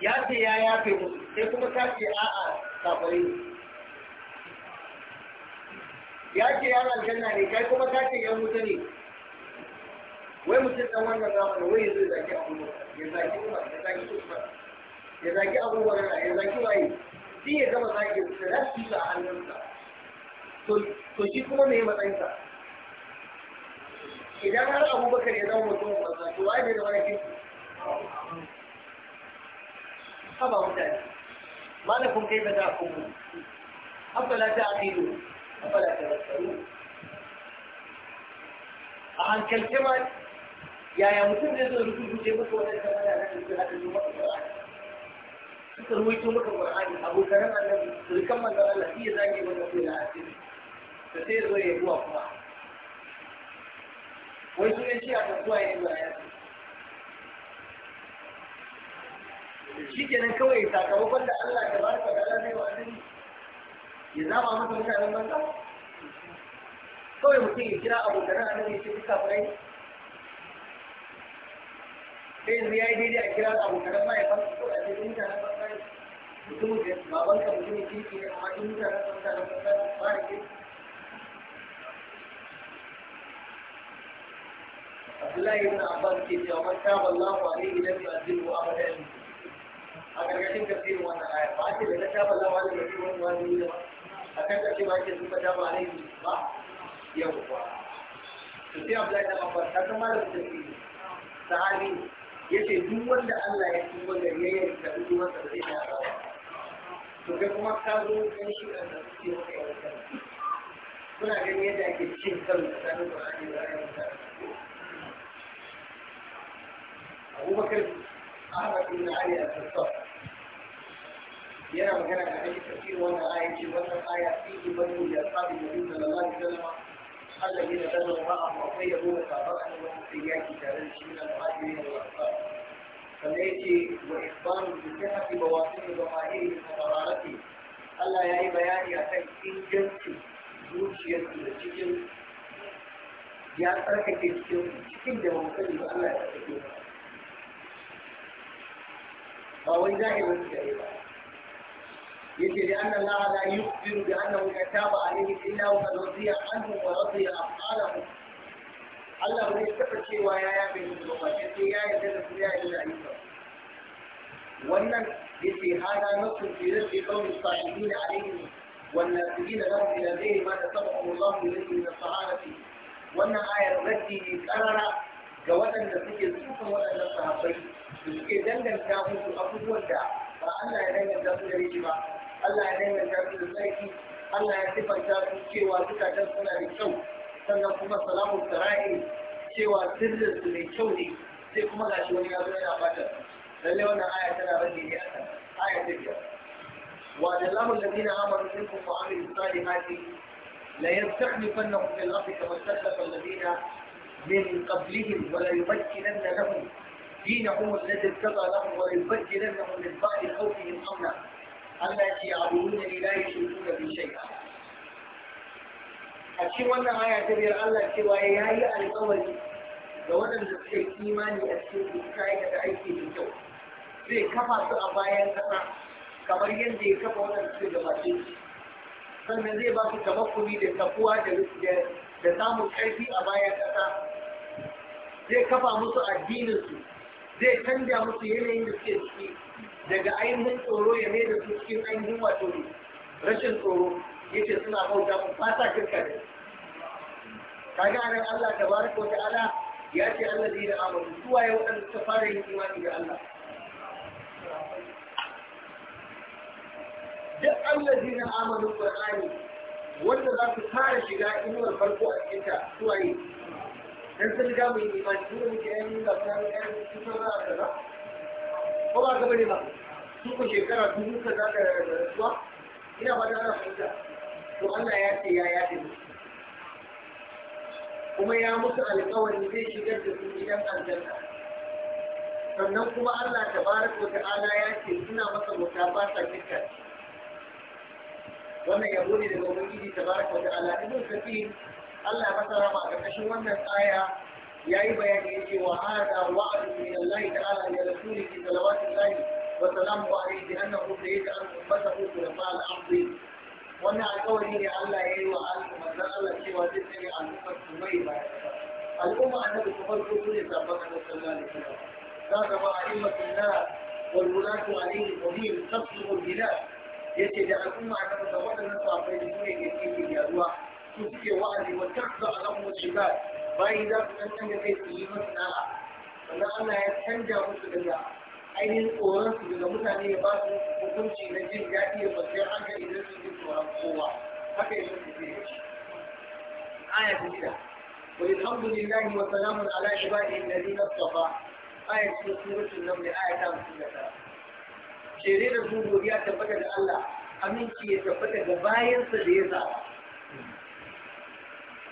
ya ce ya yafe musu sai kuma ta ce a'a kafare ya ce ya aljanna ne kai kuma ta ce ya mutu ne wai mutum ɗan wannan zamanin wai zai zaki abubuwa ya zaki umar ya zaki usman ya zaki abubuwa ya zaki waye shi ya gama zaki da za su yi a hannunsa to shi kuma me matsayinsa idan har abubakar ya zama mutum wasa to waye bai zama na kirki haba mutane malakun kai ba za ku mu afala ta aqilu afala ta basaru a hankalce ma yaya mutum zai zo rubuce maka da tambaya na cikin hadisi maka Qur'ani suka ruwaito maka Qur'ani abokan annabi surkan manzon Allah shi ya zage maka sai da asiri to sai zo ya zuwa kuma wai su ne shi a kasuwa ya zuwa ya shi kenan kawai sakamakon da Allah ta baraka da Allah zai wa asiri ya zama masa mutanen banza kawai mutum ya kira abokan annabi ya ce kuka furai sai yanzu ya yi daidai a kira da abokanan ya su ko a cikin mutanen bangare mutumin da baban ka mutumin kirki ne amma in mutanen mutanen bangare ba da kirki Abdullahi ibn Abbas ke cewa man taba Allahu alaihi lam yu'adhibu abadan a gargashin tafsirin wannan aya ba ce da ta taba Allahu alaihi lam yu'adhibu abadan a kan kace ba ce sun ba taba alaihi ba yau ba to sai Abdullahi ibn Abbas ta kama da tafsiri sahabi ce duk wanda Allah ya ci wanda ya yarda duk wanda zai ta ba to kai kuma ka zo kan shi da suke maka yarda kuna ganin yadda ake cin kan da sanin Qur'ani da ayoyin sa Abubakar Ahmad ibn Ali al-Sattar yana magana da hadisi tafsir wannan ayati wannan aya fi ibadu ya sabi da sallallahu alaihi wasallam الذين بذلوا معهم وقيدوا وفاقتهم وحسيات جارين من المهاجرين والأنصار فليتي وإخبار بصحة بواطن ظواهره وقرارته ألا يأي بياني أكي إن جنسي zuciyar da الشجن ya tsarkake cikin cikin da hankali ba Allah ya tsarkake ba ba يجي لأن الله لا يخبر بأنه كتاب عليه إلا وقد رضي عنه ورضي أفعاله الله bai taɓa cewa ya yafe musu ba sai sai ya yarda da su ya yi da isa wannan yace hada nasu fi rabbi qawli sahibina alayhi wan nasibina lahum ila ghairi ma tasabahu Allah ilayhi min wannan ne ga waɗanda suke tsufan waɗannan sahabbai da suke danganta musu abubuwan da ba Allah ya danganta su da ba Allah ya danganta su da tsarki Allah ya sifanta su cewa zukatan suna da kyau sannan kuma salamu sara'i cewa sirrin su mai kyau ne sai kuma shi wani ya zo yana fatan. Lallai wannan aya tana rage ne a akan aya ta biyar wa da lamun ladina amanu minkum wa amilu salihati la yastakhlifannahum fil ardi da istakhlafa alladina من قبلهم ولا يبدلن لهم دينهم الذي ارتضى لهم ولا يبدلنهم من بعد خوفهم امنا Allah ce a da la yushriku da shay'a a cikin wannan aya ta biyar Allah cewa ya yi alƙawari ga waɗanda suka yi imani a cikin yi da aiki da kyau zai kafa su a bayan ƙasa kamar yadda ya kafa waɗanda suka gabace shi sannan zai ba su tabakkuli da tafuwa da samun ƙarfi a bayan ƙasa zai kafa musu addininsu zai canja musu yanayin da suke ciki daga ainihin tsoro ya mai da su cikin ainihin wato rashin tsoro yace suna bauta ku fasa sa kirka da kaga anan Allah tabaraka wa ta'ala ya ce Allah allazi da Amadu, suwa ya waɗanda suka fara yin imani ga Allah duk Allah allazi da Amadu qur'ani wanda za su fara shiga inuwar farko a cikin ta suwa yi dan sun ga mu imani duk muke yin da kan yin cikin za a kaza ko ba ka bane ba dukkan shekara dubu ka za ka rasuwa ina ba da ana fahimta to Allah ya ce ya yaɗe kuma ya musu alƙawari zai shigar da su gidan aljanna sannan kuma Allah ta baraka wa ta'ala ya ce suna masa bauta ba sa shirka wannan yabo ne daga ubangiji ta baraka wa ta'ala ibn kathir Allah ya masa rama a ƙarƙashin wannan aya ya yi bayani ya ce wa hada wa'adu min Allah ta'ala ya rasulihi salawatullahi وسلامه عليه بانه سيدعى امته خلفاء الارض ومع قوله ان لا يلوى عن مزال التي وزدتني عن مصر سميه الامه ان تقول كل سابقا وسلام كان وائمه الناس والولاة عليه الضمير تصدر البلاد يجد الأمة أن تتوقع الناس في الدنيا يتيك يا الله تبكي وعلي وتخضع لهم العباد فإذا كنت أنت في سيما سناء فلا أنا يتحنجى مصر الله ainihin tsoron daga mutane ya ba su hukunci na jin daɗi da kwanciyar hankali idan su ji tsoron kowa haka yanzu su zai yi aya ta shida والحمد لله وسلام على عباده الذين اصطفى آية سورة النمل آية 53 shere da su godiya tabbata da Allah aminci ya tabbata ga bayansa da ya zaba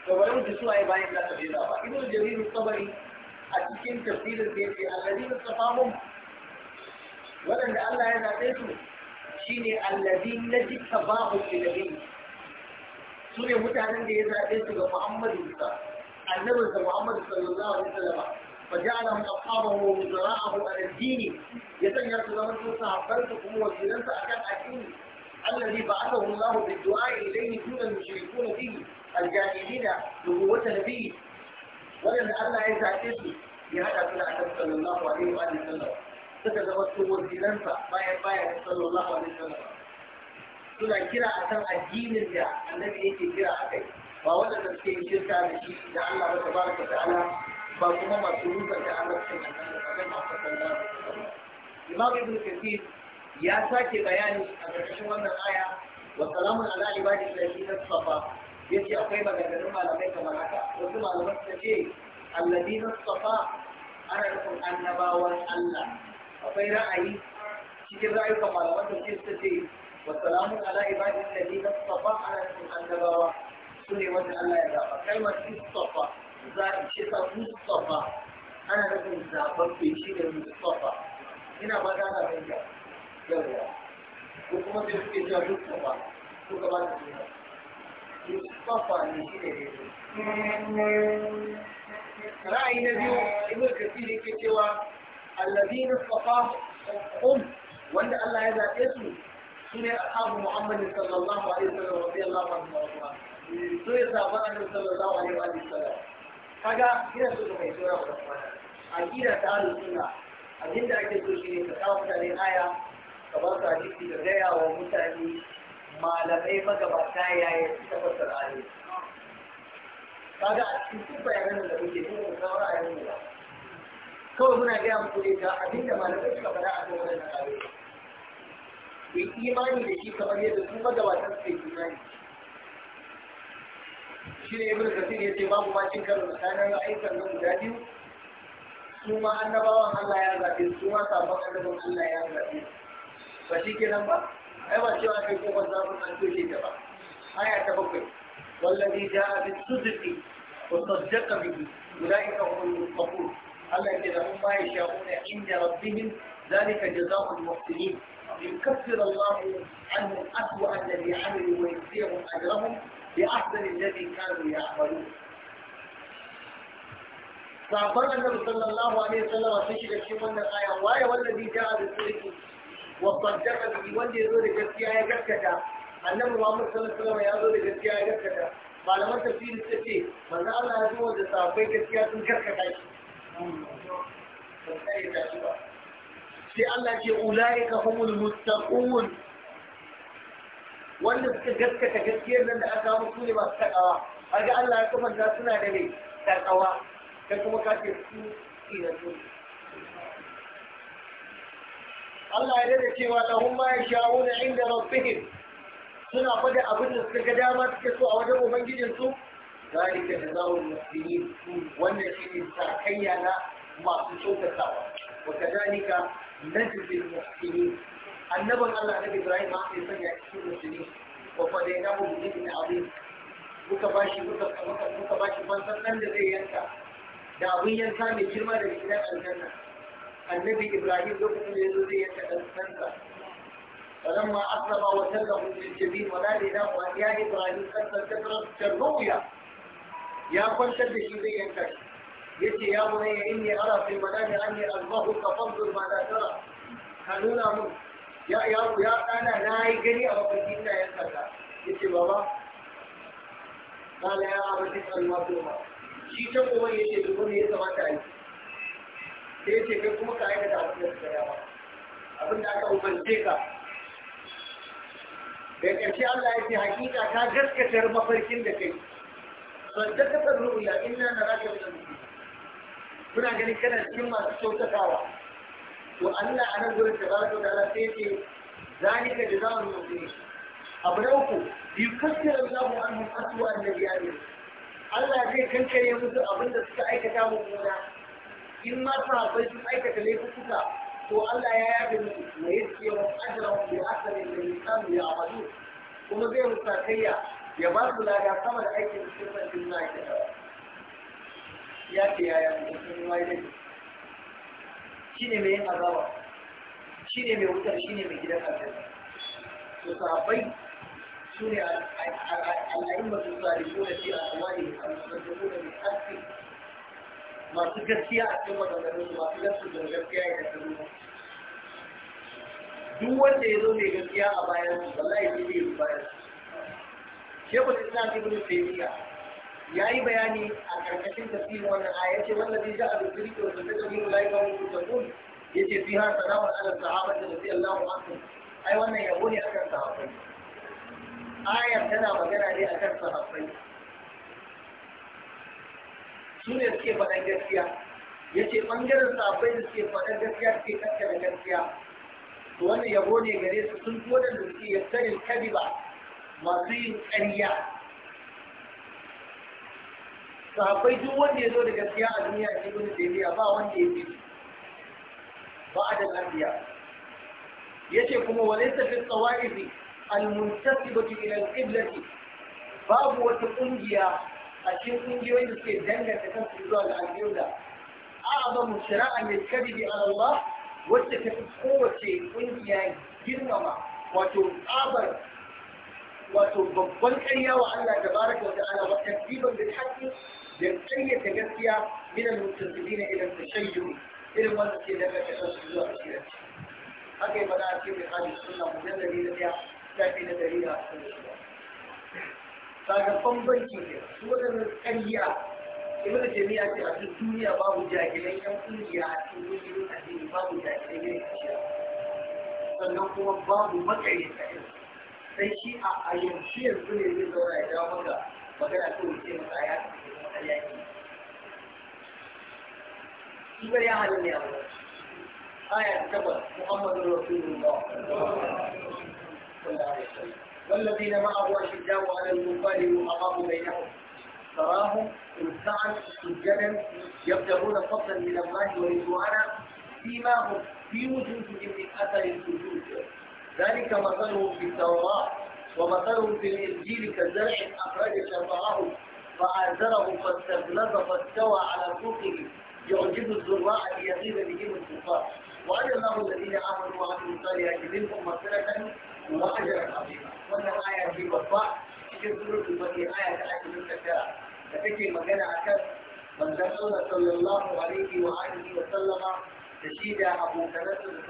to bari mu tsuwa ai bayan da ya zaba ibnu jarir tabari a cikin tafsirin da yake alladhi tafamu waɗanda Allah ya zaɓe su shine allazi ladhi tabahu lil nabi su ne mutanen da ya zaɓe su ga Muhammadu sa annabin sa Muhammadu sallallahu alaihi wasallam fa ja'alahum ashabahu wa zara'ahu ala ad-din ya sanya su zaman su sahabban su kuma wakilan sa akan addini الذي بعثه الله بالدعاء اليه دون المشركون به الجاهلين نبوة نبيه ولن الله يزعجه يهدى كل النبي صلى الله عليه واله وسلم suka zama su waziransa bayan bayan sallallahu alaihi wasallam suna kira a kan addinin da annabi yake kira a kai ba wanda suke yin shirka da shi da Allah ba ta baraka ta'ala ba kuma ba su rusa da Allah cikin annabi ba kan masu sallallahu alaihi wasallam Imam Ibn Kathir ya sake bayani a ƙarƙashin wannan aya wa salamun ala ibadi alladhina safa yace akwai maganganun malamai kamar haka wasu malamai suka ce alladhina safa ana nufin annabawan Allah akwai ra'ayi cikin ra'ayukan malaman tafsir ta ce wasalamu ala ibadin ladina safa ala cikin annabawa su ne wanda Allah ya zaba kalmar istafa za a ce ta mustafa ana nufin zababbe shi ne mustafa ina ba da na fahimta yawa ko kuma sai suke cewa mustafa ko gaba da su mustafa ne shi ne ne ra'ayi na biyu ibn kasir yake cewa الذين اصطفاهم وان الله يذا اسمه سنة أصحاب محمد صلى الله عليه وسلم رضي الله عنه وارضاه سنة صلى الله عليه وسلم kaga ina so ka kai sura wa a kira ta ahlus sunna abinda ake so shine ka kawo mutane aya ka ba su hadisi ka wa mutane malamai magabata yaya suka fassara ayoyi kaga a cikin bayanan da muke nuna kawo ra'ayin ba kawai muna gaya muku ne ga abin da malamai suka faɗa a kan wannan abin ku yi imani da shi kamar yadda su ma gabatar su yi imani shi ne ibn kasir ya ce babu ma cin karo tsakanin ayyukan nan guda biyu su ma annabawan Allah ya zaɓe su ma sabon annabawan Allah ya zaɓe ba shi ke nan ba ai ba cewa kai kofar zafin an toshe ta ba aya ta bakwai wallazi ja'a bi sidqi wa saddaqa bihi ulaika humul muttaqun الله يقول لهم ما يشاءون عند ربهم ذلك جزاء المحسنين ليكفر الله عنهم أسوأ الذي عملوا ويجزيهم أجرهم بأحسن الذي كانوا يعملون فأخبر النبي صلى الله عليه وسلم في شيء من الآية وآية والذي جاء بالسلك وصدق به والذي يزور جسيا آية يجكتا النبي محمد صلى الله عليه وسلم يزور جسيا يجكتا malaman tafsiri ta ce manzo Allah ya zo da safai gaskiya sun sai Allah ce ka humul muttaqun wanda suka gaskata gaskiyar nan da aka samu su ne masu takawa kaga Allah ya kamanta suna da ne takawa kai kuma ka ce su ina su Allah ya dade cewa lahum ma yasha'una inda rabbihim suna fada abin da suka ga dama suke so a wajen ubangijin su ذلك جزاء المحسنين والنشيد الساكينا ما تشوف سوا وكذلك نجد المحسنين النبي الله نبي إبراهيم عقل سنة كثير المسلمين وفديناه بذكر عظيم muka ba shi muka ba shi fansan nan da zai yanka da abin yanka mai girma da gidan aljanna annabi فلما أقرب وسلم للجبين ونادي له أن يا إبراهيم قد تكرمت الرؤيا ya kwantar da shi zai yanka shi ce ya bunayya inni ara fil manami anni azbahu ka fanzur ma da tara ka nuna mun ya ya ya dana na yi gani a mafarki ina yanka ka ce baba قال يا أبت اسأل ما تؤمر shi ta kuma ya ce duk wani ya kamata a yi sai ya ce kai kuma ka aikata abin da suka yawa abin da aka umarce ka da ƙarshe Allah ya ce hakika ka gaskatar mafarkin da kai صدقت الرؤيا إنا نراك من المسلمين هنا قال كان الجمعة صوتكاوى وأن أنا أقول تبارك وتعالى سيدي ذلك جزاء المؤمنين أبروكو ليكسر الله عنهم أسوأ الذي أمر Allah zai kankare musu abin da suka aikata mummuna in ma sahabbai sun aikata laifuka to Allah ya yabe musu wa yake yawan ajran bi asalin da samu ya amadu kuma zai musakayya ya ba su lada sama da aikin sunan juna na ke ya ce yaya mutum wai dai shi ne mai yin azaba shi ne mai wutar shi ne mai gidan aljanna to sahabbai su ne al'ayin masu tsari ko da shi a tsamani a musamman da mai haske masu gaskiya a cikin maganganun masu gaskiya da gaskiya ya gaskiya duk wanda ya zo mai gaskiya a bayan su wallahi ne zai yi bayan su shekul islam ibn taymiya ya yi bayani a karkashin tafsirin wannan aya yace wallazi ja'a bil kirki wa tadabbiru la yakunu tadun yace fi har salamu ala sahaba da radiyallahu anhu ai wannan yabo ne akan sahabbai ayar tana magana ne akan sahabbai su ne suke faɗan gaskiya ya ce ɓangaren sahabbai da suke faɗan gaskiya suke kaskana gaskiya to wannan yabo ne gare su sun fi waɗanda suke yastarin kadiba masu yin ƙarya sahabbai duk wanda ya zo da gaskiya a duniya a cikin tafiya ba wanda ya fi ba a da lafiya ya ce kuma walaisa fi tsawarifi almuntasibatu ila alqiblati babu wata ƙungiya a cikin ƙungiyoyin da suke danganta su zuwa ga alƙibla a'zamu shira'an yadkadibi ala Allah wacce ta fi kowace ƙungiya girmama wato tsabar wato babban ƙarya wa Allah da baraka wa ta'ala wa takdiban bil haqqi da ƙaryata gaskiya min al mutazibina ila al tashayyu irin wanda ke da kake son su zuwa cikin haka ya faɗa a cikin hadisi sunna mujallali na ɗaya shafi na ɗari da hamsin da shida sakamakon banki ne su waɗannan ƙarya ibn jami'a ce a cikin duniya babu jahilan yan kungiya a cikin kungiyoyin addini babu jahilan yan kungiya sannan kuma babu maƙaryata irin sai shi a yanzu yanzu ne zai zaura ya dawo maka magana ta wuce masa yaki shi bai ya halin آية كبر محمد رسول الله صلى الله عليه وسلم والذين معه أشداء على الكفار رحماء بينهم تراهم ركعا سجدا يبتغون فضلا من الله ورضوانا فيما هم في وجودهم من أثر السجود ذلك مثلهم في التوراة ومثلهم في الإنجيل كزرع أخرج شفاعه فآزره فاستبلد فاستوى على سوقه يعجب الزراع ليغيب بهم الكفار وأجر الله الذين آمنوا وعملوا الصالحات منهم مغفرة وأجرا عظيما وأن الآية في وفاء تجد تقول في آية تعالى من تكرار لكن ما كان من ذكر صلى الله عليه وآله وسلم تشيد أبو كنس بن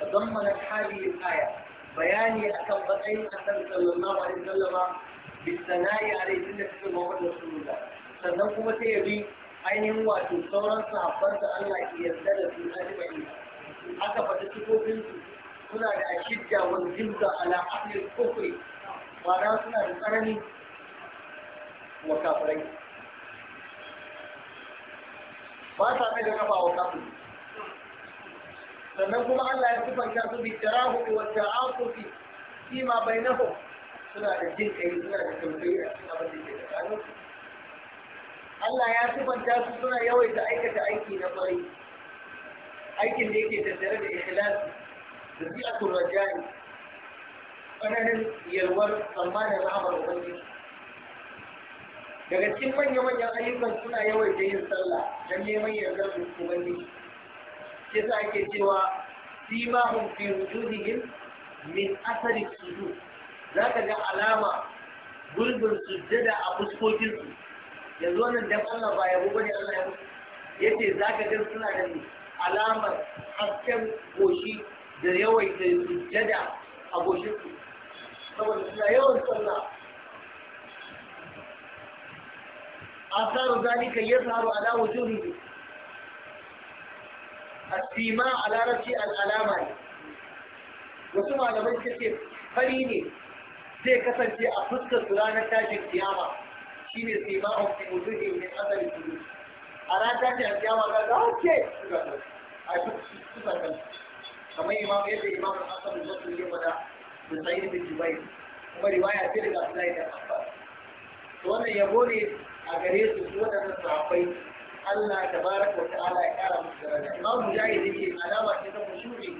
تضمنت هذه الآية بياني أكم بطعين أكم صلى الله عليه وسلم بالثناء عليه جنة محمد رسول الله sannan kuma sai ya bi ainihin wato sauran sahabban da Allah ke yarda da su ajma'in aka faɗi sifofin su suna da ashidda wal jibda ala ahli kufri ma'ana suna da tsanani wa kafirai ba sa mai da kafa wa kafiri sannan kuma Allah ya sifanta su bi tarahu wa ta'afufi fi ma bainahum suna da jin kai suna da tausayi a cikin abin da ke tsakanin su Allah ya sifanta su suna yawaita aikata aiki na kwarai aikin da yake tattare da ikhlasi da bi'atul rajai tsananin yalwar tsammanin rahamar ubangiji daga cikin manya-manyan ayyukan suna yawaita yin sallah don neman yardar ubangiji shi za ake cewa simahum fi wujuhihim min asari sujud za ka ga alama gulbin sujjada a fuskokinsu yanzu wannan dan Allah ba yabo bane Allah ya yace za ka ga suna da alamar hasken goshi da yawaita sujjada a goshinsu saboda suna yawan sallah asaru zalika yasharu ala wujuhihim asima a larabci al'alama ne wasu malamai suka ce fari ne zai kasance a fuskar su ranar tashin kiyama shine sima a fi wujuhi mai asali kudu a ranar tashin kiyama ga ga ce a su su fuskar kan kamar imam yadda imam asali wasu ya fada da sa'id bin jubair kuma riwaya ce da daga abdullahi da abbas wannan yabo ne a gare su waɗannan sahabbai Allah tabaraka wa ta'ala ya kara musu daraja imam mujahid yake alama ce ta kushuri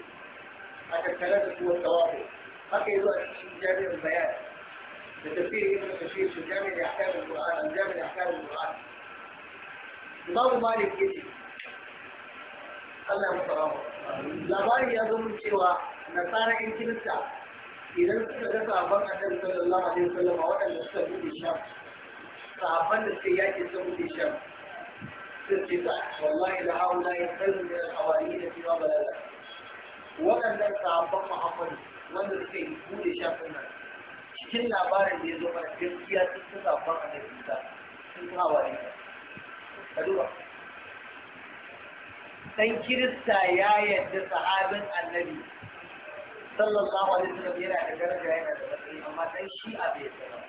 a tattare da suwar tawafu haka yazo a cikin jami'in bayan da tafiyar ibn kashir shi jami'in ya kara al-qur'an al-jami'in ya kara al-qur'an imam malik yake Allah ya fara labari ya zo mun cewa nasara in kirista idan suka ga sabon annabi sallallahu alaihi wasallam waɗanda suka bude sham sahabban da suka yake suka bude sham الجزاء والله لهؤلاء خير من الحواريين في ضلالة وأن تعبق عقلي وأن الكي يقول شافنا cikin labarin da ya zo mana gaskiya sun ta sabon a da isa sun hawa ne ka duba dan kirista ya yadda sahabin annabi sallallahu alaihi wasallam yana da daraja yana da matsayi amma dan shi a bai tsara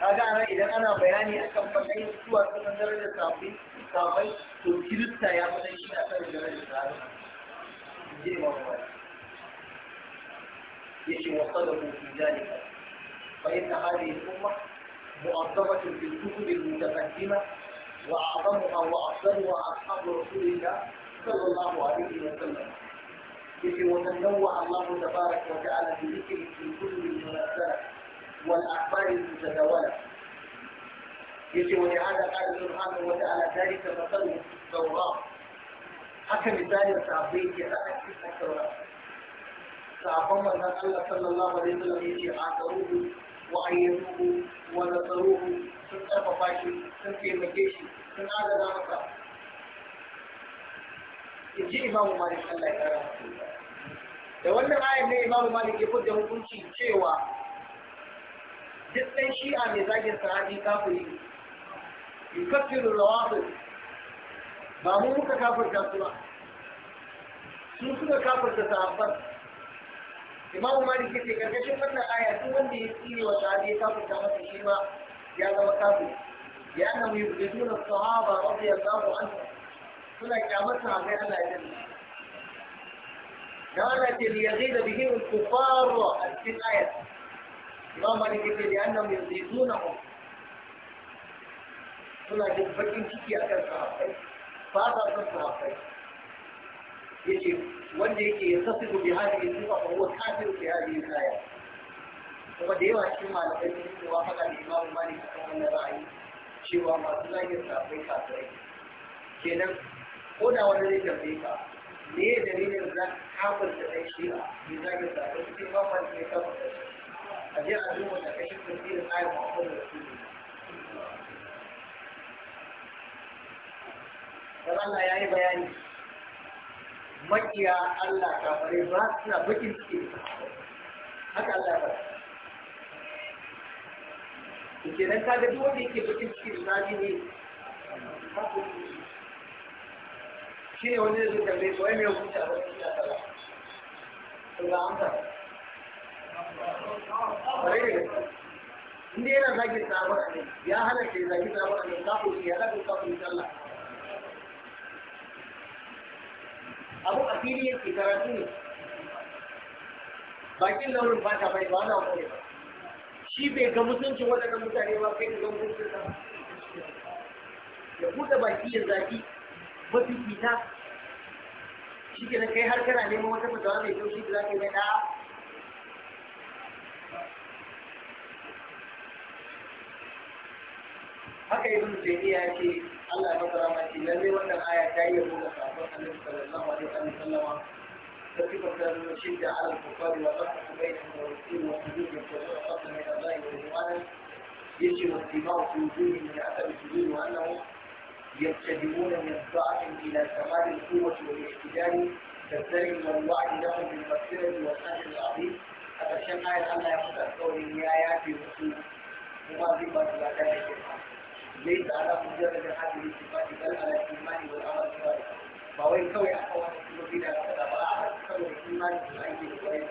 kaga idan ana bayani akan matsayin zuwa kan darajar safi safai to kirista ya fi shi a kan darajar safi je ma wani yake wasa da hukun jalika fa inna hadhihi al-umma مؤظمة في الكتب المتقدمة وأعظمها وأفضلها أصحاب رسول الله صلى الله عليه وسلم يجي وتنوع الله تبارك وتعالى بذكره في كل المنزلة والأخبار المتداولة يجي ولهذا قال سبحانه وتعالى ذلك مثل التوراة حتى الدار التعظيم يتحقق في التوراة فأقوم الرسول صلى الله عليه وسلم يجي عاتروه وعينوه ونصروه سن أفباشي سن في مكيشي في هذا لا يجي إمام مالك الله يا رسول الله لو أن الآية من مالك يقول ده كل شيء شيء واحد duk shi'a mai zagin sahabi kafiri yukaffiru rawafin ba mu muka kafirta su ba su suka kafirta sahabban imamu malik yake karkashin wannan aya duk wanda ya tsire wa sahabi ya kafirta masa shi ma ya zama kafiri لأنهم يبغضون الصحابة رضي الله عنهم suna kyamarsa a kai Allah ya da Allah ce liyazi da bihin kufar a cikin ayat imam malik yace da annam yuzinunahum suna jin bakin ciki akan sahabbai ba sa son sahabbai wanda yake ya sasibu bi hadhihi sifa fa huwa kafir bi hadhihi al-aya kuma da yawa cikin malamai sun ce wa da imam malik akan wannan ra'ayi cewa masu zagin sahabbai kafirai kenan ko da wani zai tambaye ka me za shi أجيب علوم وتكشف كثير الآية المعقولة رسول الله فلما يعني بياني haka Allah ya fara nan ka ga duk wanda yake bakin cikin zabi ne shi ne wani zai tambaye su wai mai hukunta a bakin cikin sallah to ga amsa inda yana zagin sabon annabi ya halatta ya kafin shi ya zagin kafin abu a fili yake karatu ne bakin laurin ba ta bai ba na shi bai ga waɗannan mutane ba kai ga ya buɗe baki ya zagi mafi fita shi ke kai har kana neman wata fitawa mai kyau shi da za ka yi mai haka ibn ya yake Allah ya fara maki lalle wannan aya ta yi yabo ga sahabban Annabi sallallahu alaihi wa sallam da sifar da shi da al-bukhari wa qasdu bainahum wa rusul wa sujud wa qasdu min Allah wa ridwan yace wa tibau fi wujuhi min athar sujud wa annahu يبتدئون من ضعف إلى كمال القوة والاحتجاج كالزرع والوعد لهم بالمغفرة والأجر العظيم أتشمع أن لا يفتح قولي يا ياتي وسوء وما ذي ما ليس على مجرد هذه الصفات بل على الايمان والعمل بذلك فوين كوي احوال المسلمين كذا فاعرف كوي الايمان بالايدي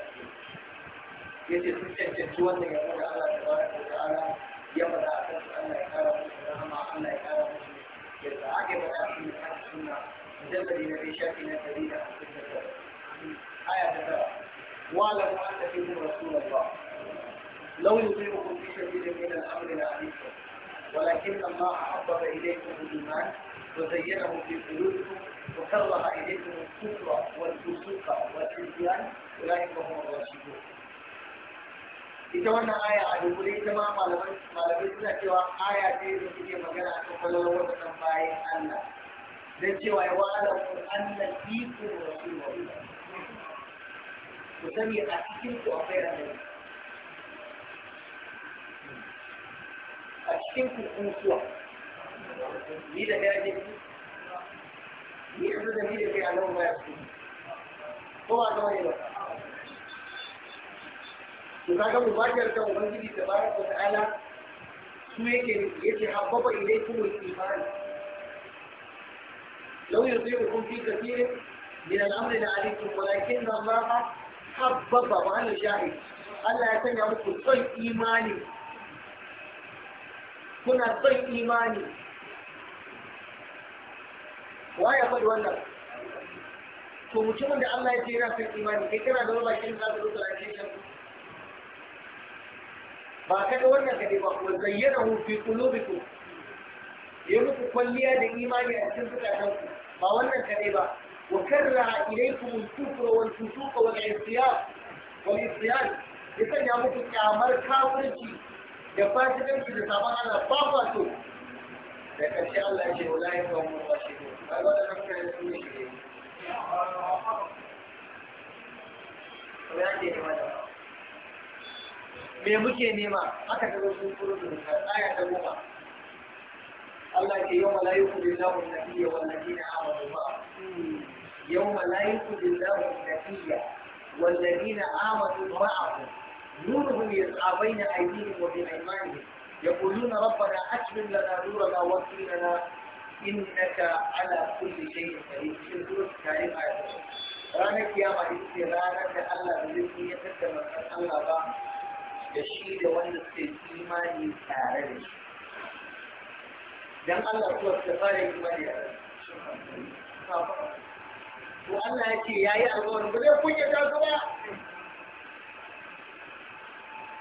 يجب ان تستهدف وانا يقول الله تبارك وتعالى يبدا اساس ان يكره مع ان يكره مسلم يتعاقب الاخر من اهل السنه مجلد نبي شاكنا سبيل عن سنه آية ترى واعلموا أن فيكم رسول الله لو يطيعكم في شديد من الأمر لعنيتم ولكن الله حبب إليكم الإيمان وزينه في قلوبكم وكره إليكم الكفر والفسوق والعصيان أولئك هم الراشدون ita wannan aya a dubbule ita ma malamai suna cewa aya ce da suke magana a kan kwallon waɗannan bayan Allah don cewa ya wa'ala ku Allah iko rasulullah ku sani a cikin ku akwai annabi cikin kusuwa ni da ya ji ni yanzu da ni da ke a nan waya su ko ba zama ne ba to kaga mu bakiyar kan ubangiji da bayan ko ta'ala su yake yake habbaba ilaikum al-iman law yuti'ukum fi kathirin من الأمر لعليكم ولكن الله حبب وأنا شاهد ألا يتنعمكم صيد إيماني kuna son imani wa ya faɗi wannan to mutumin da Allah ya ce yana son imani kai kana da bakin da zaka rubuta a cikin ba ka da wannan kade ba ko zayyana hu fi qulubiku ya muku kwalliya da imani a cikin zukatan ku ba wannan kade ba wa karra ilaykum al-kufra wal fusuq wal isyan wal isyan ya sanya muku kyamar kafirci da da sabon Allah ba kwa da ƙarshe Allah ya shi ne me muke nema aka daga sun furu da aya ta goma Allah ke yau mala'iku lillahi nabiyya wal ladina amanu ba yau mala'iku lillahi nabiyya wal ladina amanu ma'akum نورهم يسعى بين أيديهم ايمانهم يقولون ربنا أكرم لنا نورنا واكرم إنك على كل شيء قدير في سورة الكريم آية رانك يا مريسي رانك الله بلسي يتكلم الله با يشيد ونسي إيماني تارلش دم الله سوى استفاري إيماني أرد وأنا أتي يا يا أبوان بلا فجة تاكوا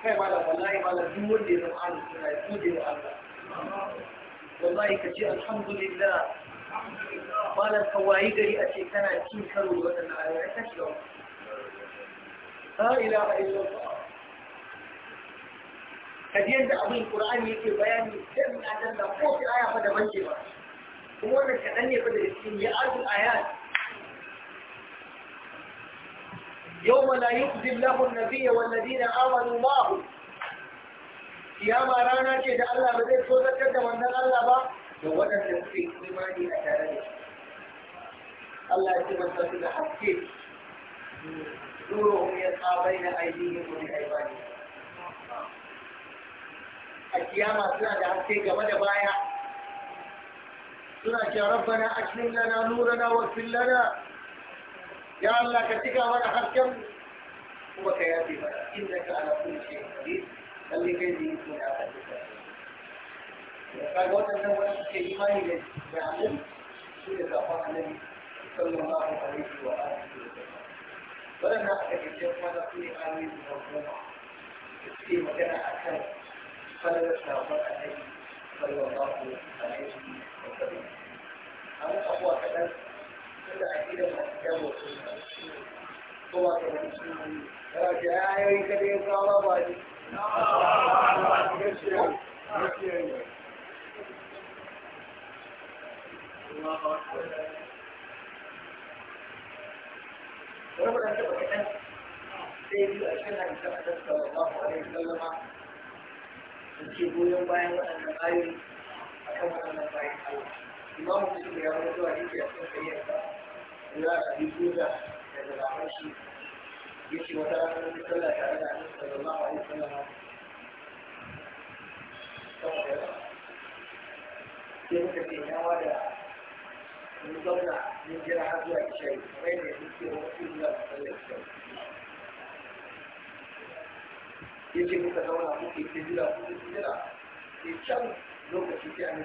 kai malam wallahi malam duk wanda ya zama ahlus sunna ya gode wa Allah wallahi ka ce alhamdulillah malam ka wayi gari a ce kana cin karo da waɗannan ayoyi ka ce la ilaha illallah ka ji yadda abin qur'ani yake bayani dan adalla ko sai aya fa da banke ba kuma wannan kaɗan ne fa da cikin ya azul ayat يوم لا يقدم له النبي والذين آمنوا معه يا ما رانا كده الله بدي صوت كده وانا الله با هو ده تفسير بما دي اتعرض الله يتم التفسير حقك دورهم يقع بين أيديهم والأيمان القيامة سنة ده حقك كما ده بايا سنة يا ربنا أكلم لنا نورنا واغفر لنا يا الله تحكم هو حكم وكياتي إنك على كل شيء قدير بل لكي يكون على قال وانا نوى كإيماني بعمل سورة أخوان النبي صلى الله عليه وآله وسلم ولن أحكي الجنة وانا كل آمين مرحومة في مكان أكثر فلا يتعبر عليه صلى الله عليه وسلم أنا أخوة كذلك da ke goyon bayan waɗannan ayoyi a kan waɗannan bayan Allah. imamu mutum ya zuwa yake a kan kayyarsa ya abi daga shi ya ce wata tare da muka ce yawa da zauna mun jira har zuwa kamar yadda ya ce ya ce muka zauna muke jira kuka jira ke can lokaci ke an yi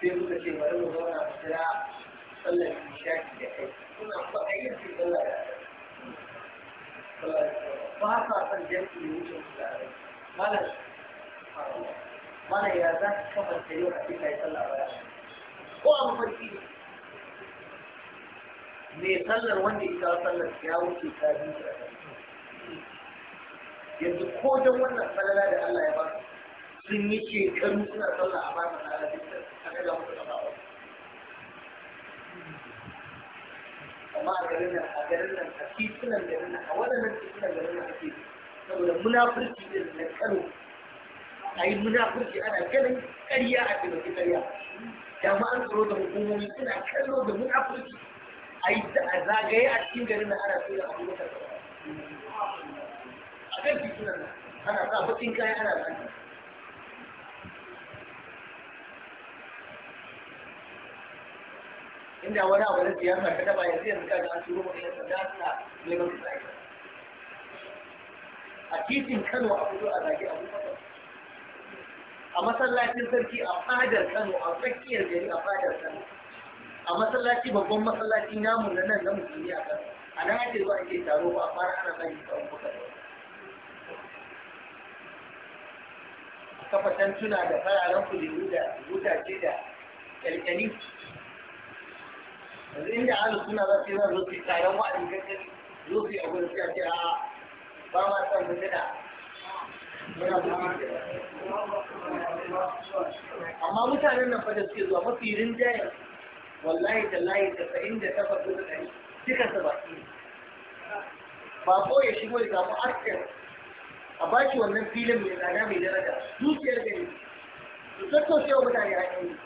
sai muka ce bari mu zauna mu jira sallar ishaki da kai suna kwaɗayin su sallar da ba sa son jami'in ya wuce su da rai malam mana ya za ka kamanta yau a cikin kai sallar baya ko a mafarki ne Me sallar wanda ita sallar ya wuce ta biyu da rai yanzu ko don wannan falala da Allah ya ba sun yi shekaru suna sallah a bayan garin nan a garin nan a titunan garin nan a waɗannan titunan garin nan ake saboda munafurci din na kano a yi munafurci ana ganin ƙarya a taimaki ƙarya jama'an tsaro da hukumomi suna kallo da munafurci a yi a zagaye a cikin garin nan ana a tsoron abubakar a kan titunan nan ana sa bakin kaya ana zagaye inda wani abu na siyasa ka taba yanzu yanzu ka ga an turo mutum da suna neman su zaki a titin Kano a kudu a zage abu a masallacin sarki a fadar Kano a tsakiyar gari a fadar Kano a masallaci babban masallaci namun na nan na musulmi a Kano a nan ake zuwa ake taro ba a fara ana zaki kawo abu kafa tantuna da fararen kujeru da wutace da kyalkyali yanzu inda ahlus suna za su yi zan zo su taron wa'adin gaggari zo su yi abu da suka ce a'a ba ma san mu amma mutanen nan fada suke zuwa mafi rinjayen wallahi da layi da sa'in da ta tafa da ɗari dukan sa baki ne ba ko ya shigo ya samu arkin a baki wannan filin mai tsada mai daraja dukiyar gari su tattauce wa mutane hanyoyi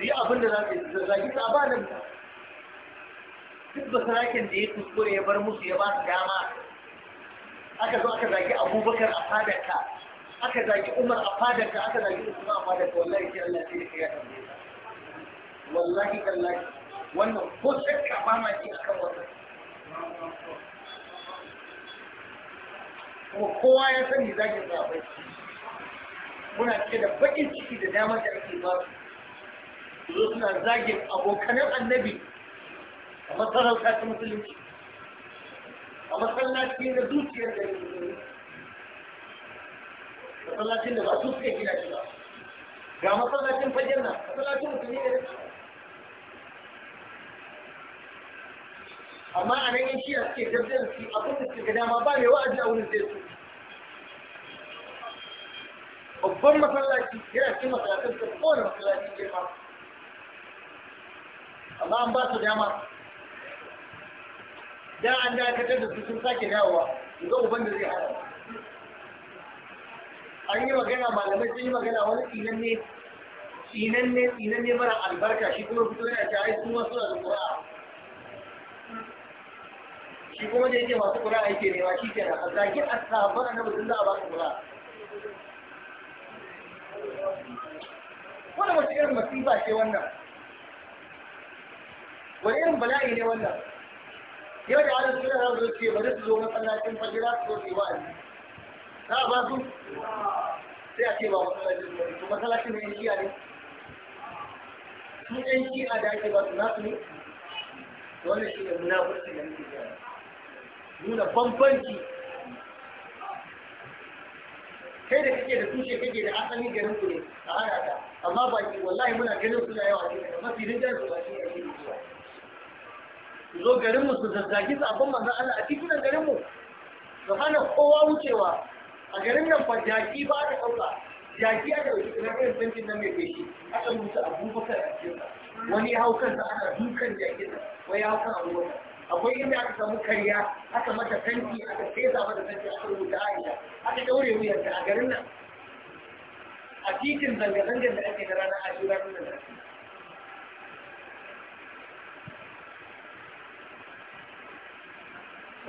yi abin da za su yi zagi ta ba nan duk ba sarakin da ya kuskure ya bar musu ya ba su dama aka zo aka zagi abubakar a fadarka aka zagi umar a fadarka aka zagi usman a fadarka wallahi sai Allah sai ya kai ya tambaye wallahi tallahi wannan ko shakka ba ma ji akan wannan kuma kowa ya sani zagin zafai muna cike da baƙin ciki da damar da ake ba su su zo suna zagin abokanan annabi a masarauta ta musulunci a masallaci na zuciyar da masallacin da ba su suka gina shi ba ga masallacin fagen nan masallacin musulmi da amma a nan yan shiya suke gardiyar su abin da suke dama ba mai wa'azi a wurin sai su babban masallaci yana cikin masallacin da kowane masallaci ke ma amma an ba su dama da an dakatar da su sun sake dawowa ga uban da zai hana an yi magana malamai sun yi magana wani tsinanne Tsinan ne mara albarka shi kuma fito yana ta ai suna suna da qur'a shi kuma da yake masu qur'a yake ne ma shi kenan a zaki ashabu annabi sun za a ba su qur'a wannan masu irin masifa ce wannan wani irin bala'i ne wannan yau da ana suna za su ce bari su zo masallacin za su zo su yi wa'azi za a ba su sai a ce ba masallacin to masallacin ne shi'a ne su ɗan shi'a da ake ba su nasu ne to wannan shi ne munafurci da muke jira nuna bambanci kai da kake da tushe kake da asali garin ku ne a hana amma ba ki wallahi muna ganin suna yawa ne mafi rinjar su ba shi ne ake zuwa su zo garinmu su zazzagi sabon manzan Allah a titunan garinmu su hana kowa wucewa a garin nan fa jaki ba da ɗauka jaki aka ɗauki kamar irin bankin nan mai feshi aka rubuta abubakar a cikinsa wani ya hau kansa ana dukan jakin wai ya hau kan abubakar akwai inda aka samu karya aka mata sanki aka fesa mata tanki aka rubuta aisha aka daure wuyarta a garin nan a titin zanga-zangar da ake da ranar ashura nan da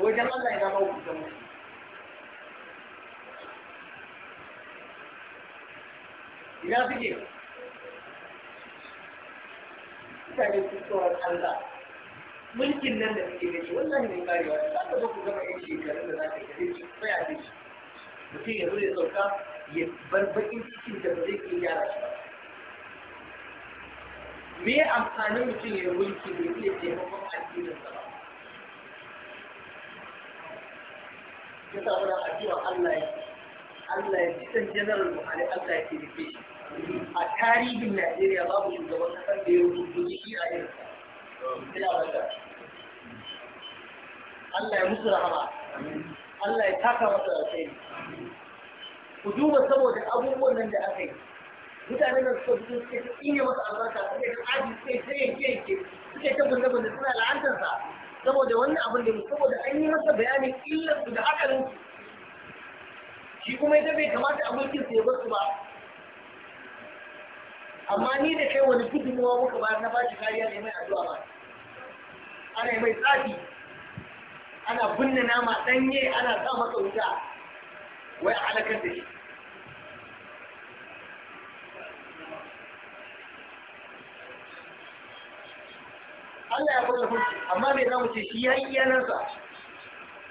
wajen Allah ya zama hukunta mu ina suke mutane su tsoron Allah mulkin nan da suke da shi wallahi mai karewa za ka zo ku gama yan shekarun da za ka yi shi tsaya da shi mutum ya zo ya sauka ya bar bakin cikin da ba zai iya gyara shi ba me amfanin mutum ya yi mulki da ya taimakon addinin sa ba ya sa muna addu'a Allah ya Allah ya san general Buhari Allah ya kike shi a tarihin Najeriya babu shugaban kasar da ya rubuta shi a irin ina wanda Allah ya musu rahama Allah ya taka masa alheri ku duba saboda abubuwan nan da aka yi mutanen nan suka fito suke ta masa albarka suke ta aji suke ta yanke yanke suke ta bunne bunne suna la'antarsa saboda wannan abin da saboda an yi masa bayanin illar su da hakarin shi kuma ita bai kamata abokin su ya basu ba amma ni da kai wani gudunmuwa muka ba na ba shi kariya ne mai addu'a ba ana mai tsafi ana binne nama danye ana sa masa wuta wai a halakar da shi Allah ya kulla hujja amma me za mu ce shi ya yi sa?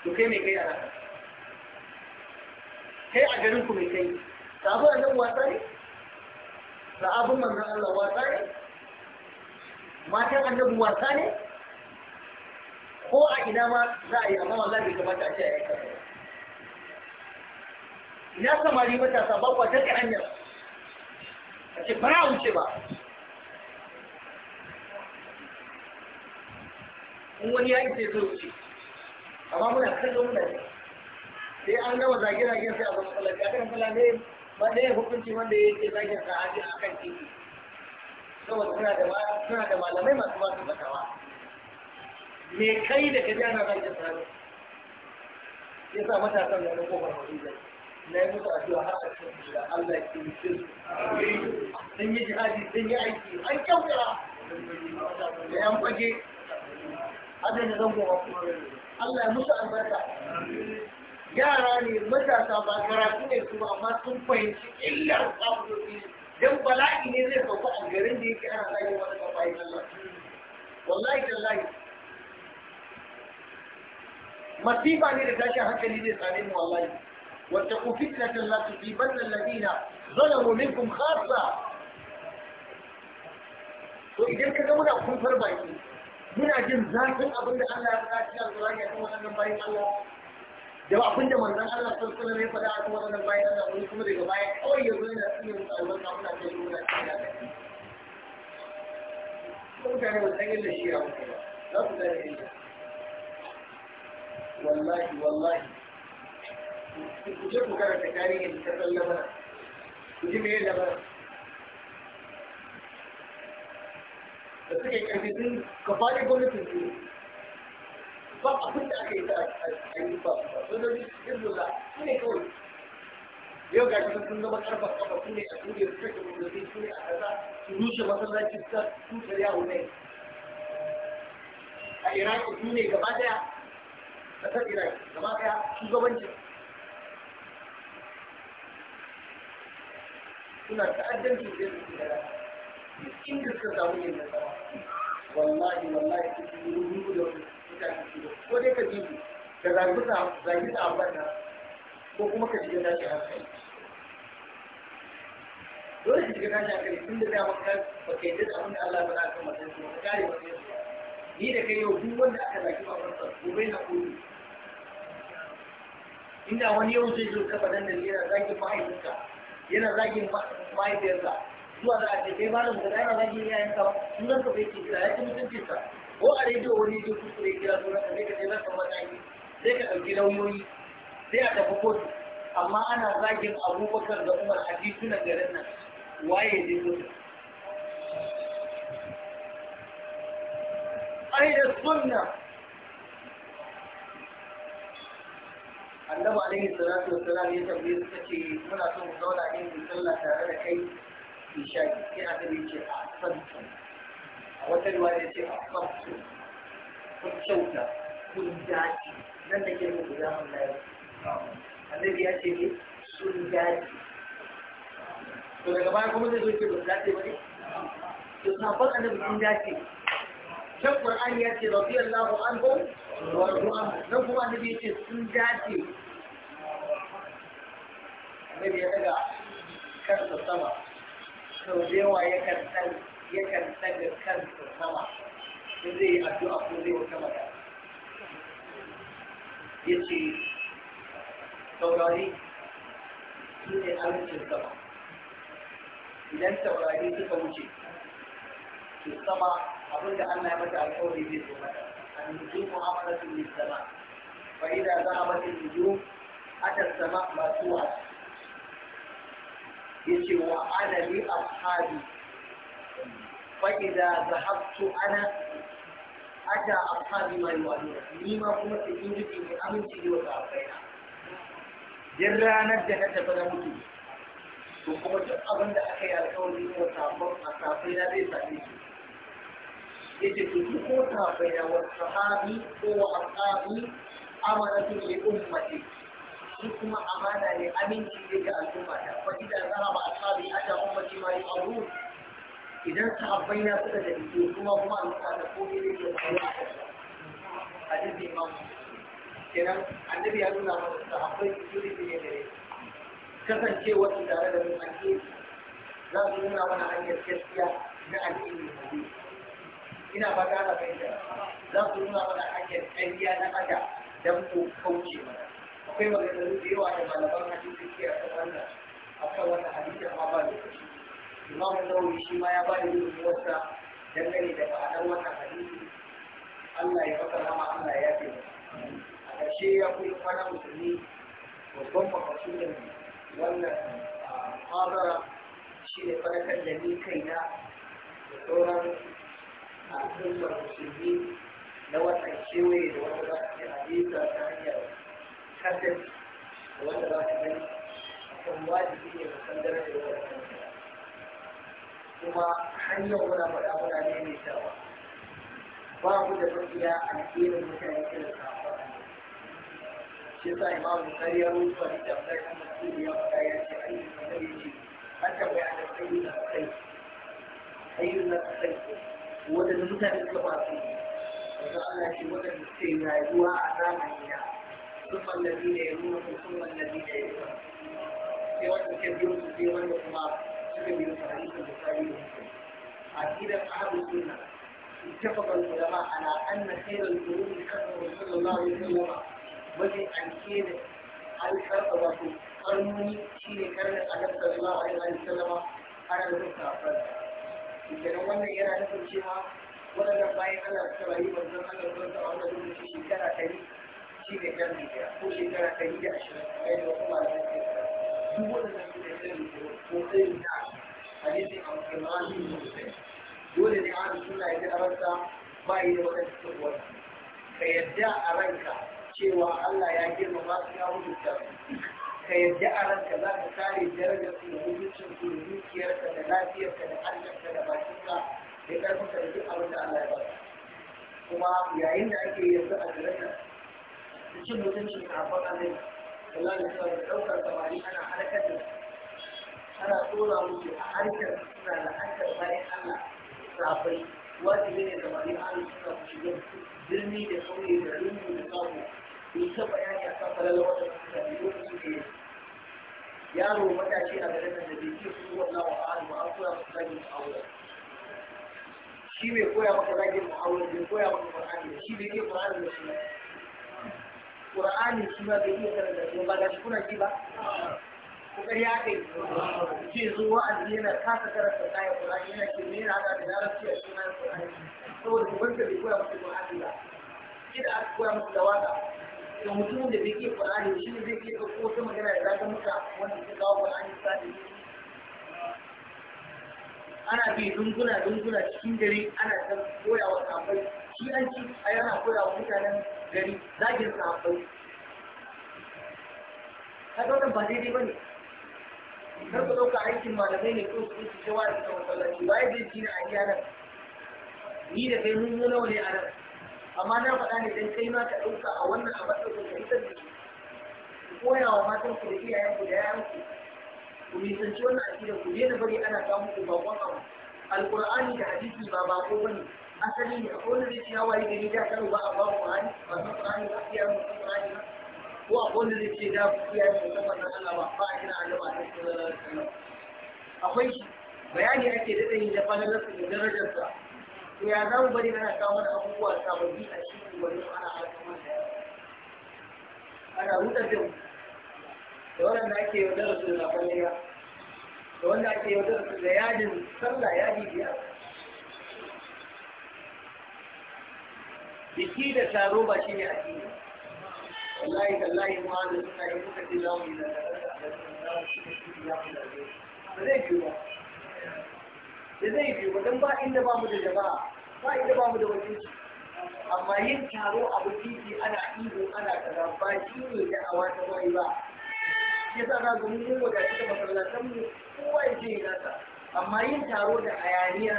to kai mai kai a nan kai a garin ku me kai ta abu nan wasa ne sahabin manzon Allah wasa ne matan annabi wasa ne ko a ina ma za a yi amma wallahi bai kamata a ce a yi kasa ina samari matasa ba kwa ta hanyar a ce ba wuce ba wani ya ce zo ce amma muna kallo muna ne sai an gama zage-zagen sai a zama falaka a kan falaka ba ɗaya hukunci wanda ya ce zagen sa aji a kan titi saboda suna da malamai masu ba su fatawa me kai da ka jana zagen sa ne? ya sa matasan da na kofar hajjiyar na yi musu addu'a har a cikin gida Allah ya ke mutum sun yi jihadi sun yi aiki an kyautara da yan fage azai da kuma ba Allah ya musu albarka yara ne matasa ba karatu ne su amma sun fahimci illar kwamurobi Dan bala'i ne zai sauka a garin da yake ana zagi wani babayin Allah wallahi tallahi masifa ne da tashin hankali zai same mu wallahi واتقوا فتنة لا تصيبن الذين ظلموا منكم خاصة. وإذا كذا منا كفر بايكي muna jin zafin abin da Allah ya faɗa cikin Alƙur'ani kan waɗannan bayan Allah da abin da manzon Allah sallallahu alaihi ya faɗa kan waɗannan bayan Allah wani kuma daga baya kawai yanzu yana cikin musu albarka muna jin muna cikin da Kuma mutane ba san yadda shi ya mutu ba za su gane yadda wallahi wallahi ku je ku karanta tarihin kasar Lebanon ku ji me ya Lebanon da suka yi ƙarfi sun gaba da gwamnatin su ba abin da aka yi ta a yi ba sojoji hezbollah su ne kawai yau ga shi sun zama karfa kafa su ne a duniya su kashe gwamnati su ne a kasa su rushe masallacin ta tutar yawo ne a iraki su ne gaba daya ƙasar iraki gaba daya shugabancin suna ta'addancin da su ke da inda suka samu yin nasara wallahi wallahi su yi rubu da mutane su da ko dai ka ji ka zagi sa zagi sa abana ko kuma ka shiga tashi hankali dole ka shiga tashi hankali tun da da maka ba kai duk abin da Allah ya faɗa kan mutum ba ka kare mutum ni da kai yau duk wanda aka zagi babansa gobe na koyi inda wani yau zai zo kafa dandali yana zagin mahaifinka yana zagin mahaifiyarsa zuwa da ake kai malam da dai mamaki ne yayin ka in zan ka bai kira ya ci mutuncin sa ko a rediyo wani ya kuskure kira sunan ka sai ka je zaka ka mataki sai ka ɗauki lauyoyi sai a tafi kotu amma ana zagin abubakar da umar a titunan garin nan waye ne kotu أين السنة؟ النبي عليه الصلاة muna son mu zauna a دولة إن tare da kai. isha'i sai annabi ce a sansu a wata ruwa ya ce a sansu kun kyauta kun dace nan da ke muku zaman lafiya annabi ya ce ne sun dace to daga baya kuma zai zo ce ba dace ba ne to sabon annabi sun dace can Qur'ani ya ce radiyallahu anhu wa radu anhu nan kuma annabi ya ce sun dace annabi ya daga kansa sama sau da yawa yakan san yakan san da kansa sama in zai yi addu'a ko zai wata magana ya ce taurari su ne halittar sama idan taurari suka wuce to sama da Allah ya mata alƙawari zai zo mata النجوم za a فإذا ذهبت النجوم أتى السماء masu توعد yace wa ana li ashabi fa idza zahabtu ana ata ashabi ma yuwaduna ni ma kuma sai in ji in aminci ne wa sahabbaina din ranar da na tafi na mutu to kuma duk abin da aka yi alkawari ne wa sahabban a sahabbaina zai same su yace to duk ko sahabbaina wa sahabi ko wa ashabi amanatu li ummati ni kuma amana ne aminci ne ga al'umma ta fa idan zahaba ashabi ata ummati ma yu'adun idan sahabbai na suka da dike kuma kuma an ta ko ne ne da Allah hadisi imam kenan annabi ya nuna mana sahabbai su ne gare kasancewa tare da mu ake za su nuna mana hanyar gaskiya na addini hadisi ina ba ta da za su nuna mana hanyar ƙarya na ada don ku kauce mana akwai maganganu da yawa da malaman hadisi ke a kan wannan akan wannan hadisin ma ba da kashi imam nawawi shi ma ya ba da yin gudunmuwarsa dangane da ma'anar wannan hadisi Allah ya maka rama Allah ya fi a ƙarshe ya kuma kwana musulmi babban makasudin wannan hadara shi ne fadakar da ni kaina da sauran al'ummar musulmi na watan kewaye da wata za su yi hadisa ta hanyar haddasa wanda ba ka gani akan wajibi ne musan darajar waɗannan kuma hanyar muna faɗa muna ne mai tawa ba mu da mafiya addinin mutane irin safa shi sa imam bukari ya rubuta da tambayar kan mutum ya faɗa ya ce an yi kamar ya ce an tambaya da kai na kai ayyun na kai wadanda mutane suka ba su ne wanda Allah ce wadanda suke rayuwa a zamanin yara ثم الذين يلونهم ثم الذين يلونهم sai wanda suka biyo su sai wanda kuma suka biyo su hadisin da اتفق العلماء على ان خير القرون كتبه صلى الله عليه وسلم وجه الخير الخلق وفي قرنه شيء كان النبي صلى الله عليه وسلم ana nufin kafar kenan wannan yana nufin cewa waɗannan bayan ana suka rayu manzon Allah sun sa wannan lokaci shekara ta yi shi ne kan ko shekara ɗari da ashirin kai yadda wasu malamai ke fara duk waɗannan da ne kan ko sai na hadisin a musulmani sosai dole ne an suna ya ga ransa ba yi da wata cikin ka yadda a ranka cewa Allah ya girmama su ya ta. ka yadda a ranka za ka kare darajar su da mutuncin su da dukiyarka da lafiyarka da hannunka da bakinka da ƙarfinka da duk abin da Allah ya ba kuma yayin da ake yanzu a garin nan cin mutuncin kafin annabi sallallahu alaihi wasallam daukar samari ana halakar da ana tsora musu a harkar suna da harkar bayan Allah sabai wajibi ne samari an suna shiga birni da kauye da lungu da sako ni ta bayani a kan falala wata suka yi lokacin da ya yaro matashi a garin da bai ce su wannan wa'adu ba an tura musu zagin aure shi bai koya maka zagin mu'awar bai koya maka qur'ani shi bai ke qur'ani da shi Qur'ani shi ba zai iya karanta ba da shi kuna ji ba Ko kai ya kai ce zo wa'azi ka kasa karanta kayan Al-Qur'ani, yana ke mera haka da larabci a cikin kayan ƙur'ani saboda wanda bai koya masa ƙur'ani ba shi da aka koya masa da waka to mutum da bai iya ƙur'ani shi ne zai iya ɗauko wata magana da zaka muka wanda ke kawo ƙur'ani sa da ana bi dunguna dunguna cikin gari ana san koyawa wa kafai shi an ci a yana koyawa mutanen gari zagin sahabbai kaga wannan ba daidai bane kar ku ɗauka aikin malamai ne ko su ce wa da masallaci waye zai ci a ajiya nan ni da kai mun nawa ne a nan amma na faɗa ne dan kai ma ka ɗauka a wannan a matsayin ka isar da ku koya wa matan ku da iyayen ku da yayan ku ku nisanci wannan aƙida ku daina bari ana samun ku bakon abu alƙur'ani da hadisi ba bako bane asali ne akwai wanda zai ce ya waye gari da kan ba a ba Qur'ani ba san Qur'ani ba ya mu Qur'ani ba ko akwai wanda zai ce da ku ya mu san wannan Allah ba ba a kira Allah ba sai sallallahu akwai shi bayani ake da dai da su da darajar sa to ya za mu bari mana kawo da abubuwa sababbi a cikin wani ana alƙawar da ana rutar da mu da wanda ake yaudarar da lafiyayya da wanda ake yaudarar da yadin sallah yadi biyar biki da taro ba shi ne a ciki wallahi wallahi ma da suna yi kuka ce za mu yi da ba zai biyu ba da zai biyu ba don ba inda ba mu da jama'a ba inda ba mu da wakilci amma yin taro a bukiti ana ihu ana kaza ba shi ne da awa ta wai ba shi yasa za mu mun wadatu da masallatan mu kowa ya ce ya nasa amma yin taro da hayaniya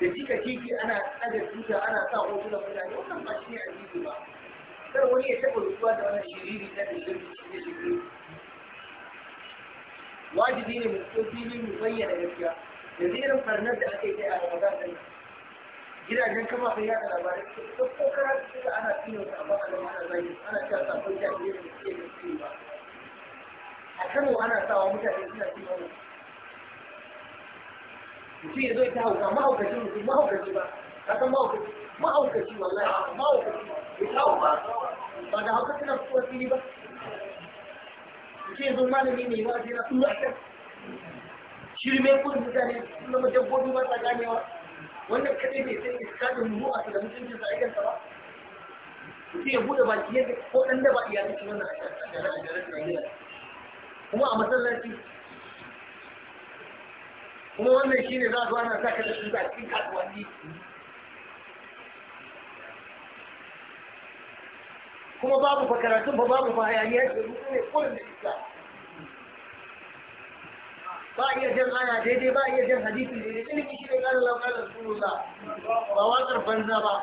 da cika titi ana tsaga tuta ana sa hoto da mutane wannan ba shi ne addini ba kar wani ya taɓa rutuwa da wani shiriri na da shi shirye shirye wajibi ne mu so filin mu bayyana gaskiya da zirin farnar da aka yi kai a ramadan ɗin gidajen kafafen yaɗa labarai ko kokara kara suka ana tsino ta amma a zama ana zagi ana cewa sabon jami'ai da suke da ba a kano ana sawa mutane suna tsino mutum ya zo ya ta hauka mahaukaci mutum mahaukaci ba kasan mahaukaci mahaukaci wallahi mahaukaci ya ta hauka ba da hauka suna fitowa fili ba mutum ya zo malami mai wa'azi na tura ta shirme kun mutane suna ma dabbobi ba ta ganewa wannan kadai bai san da mu a da mutuncin sa aikansa ba mutum ya bude baki yadda ko dan da ba iya cikin wannan a kuma a masallaci kuma wannan shi ne za su ana saka da su a cikin kasuwanni kuma babu fa karatun ba babu fa hayaniya da rubutu ne kullum da isa ba iya jan ana daidai ba iya jan hadisi ne ilimi shi ne gane lafiya da sunula ba watsar banza ba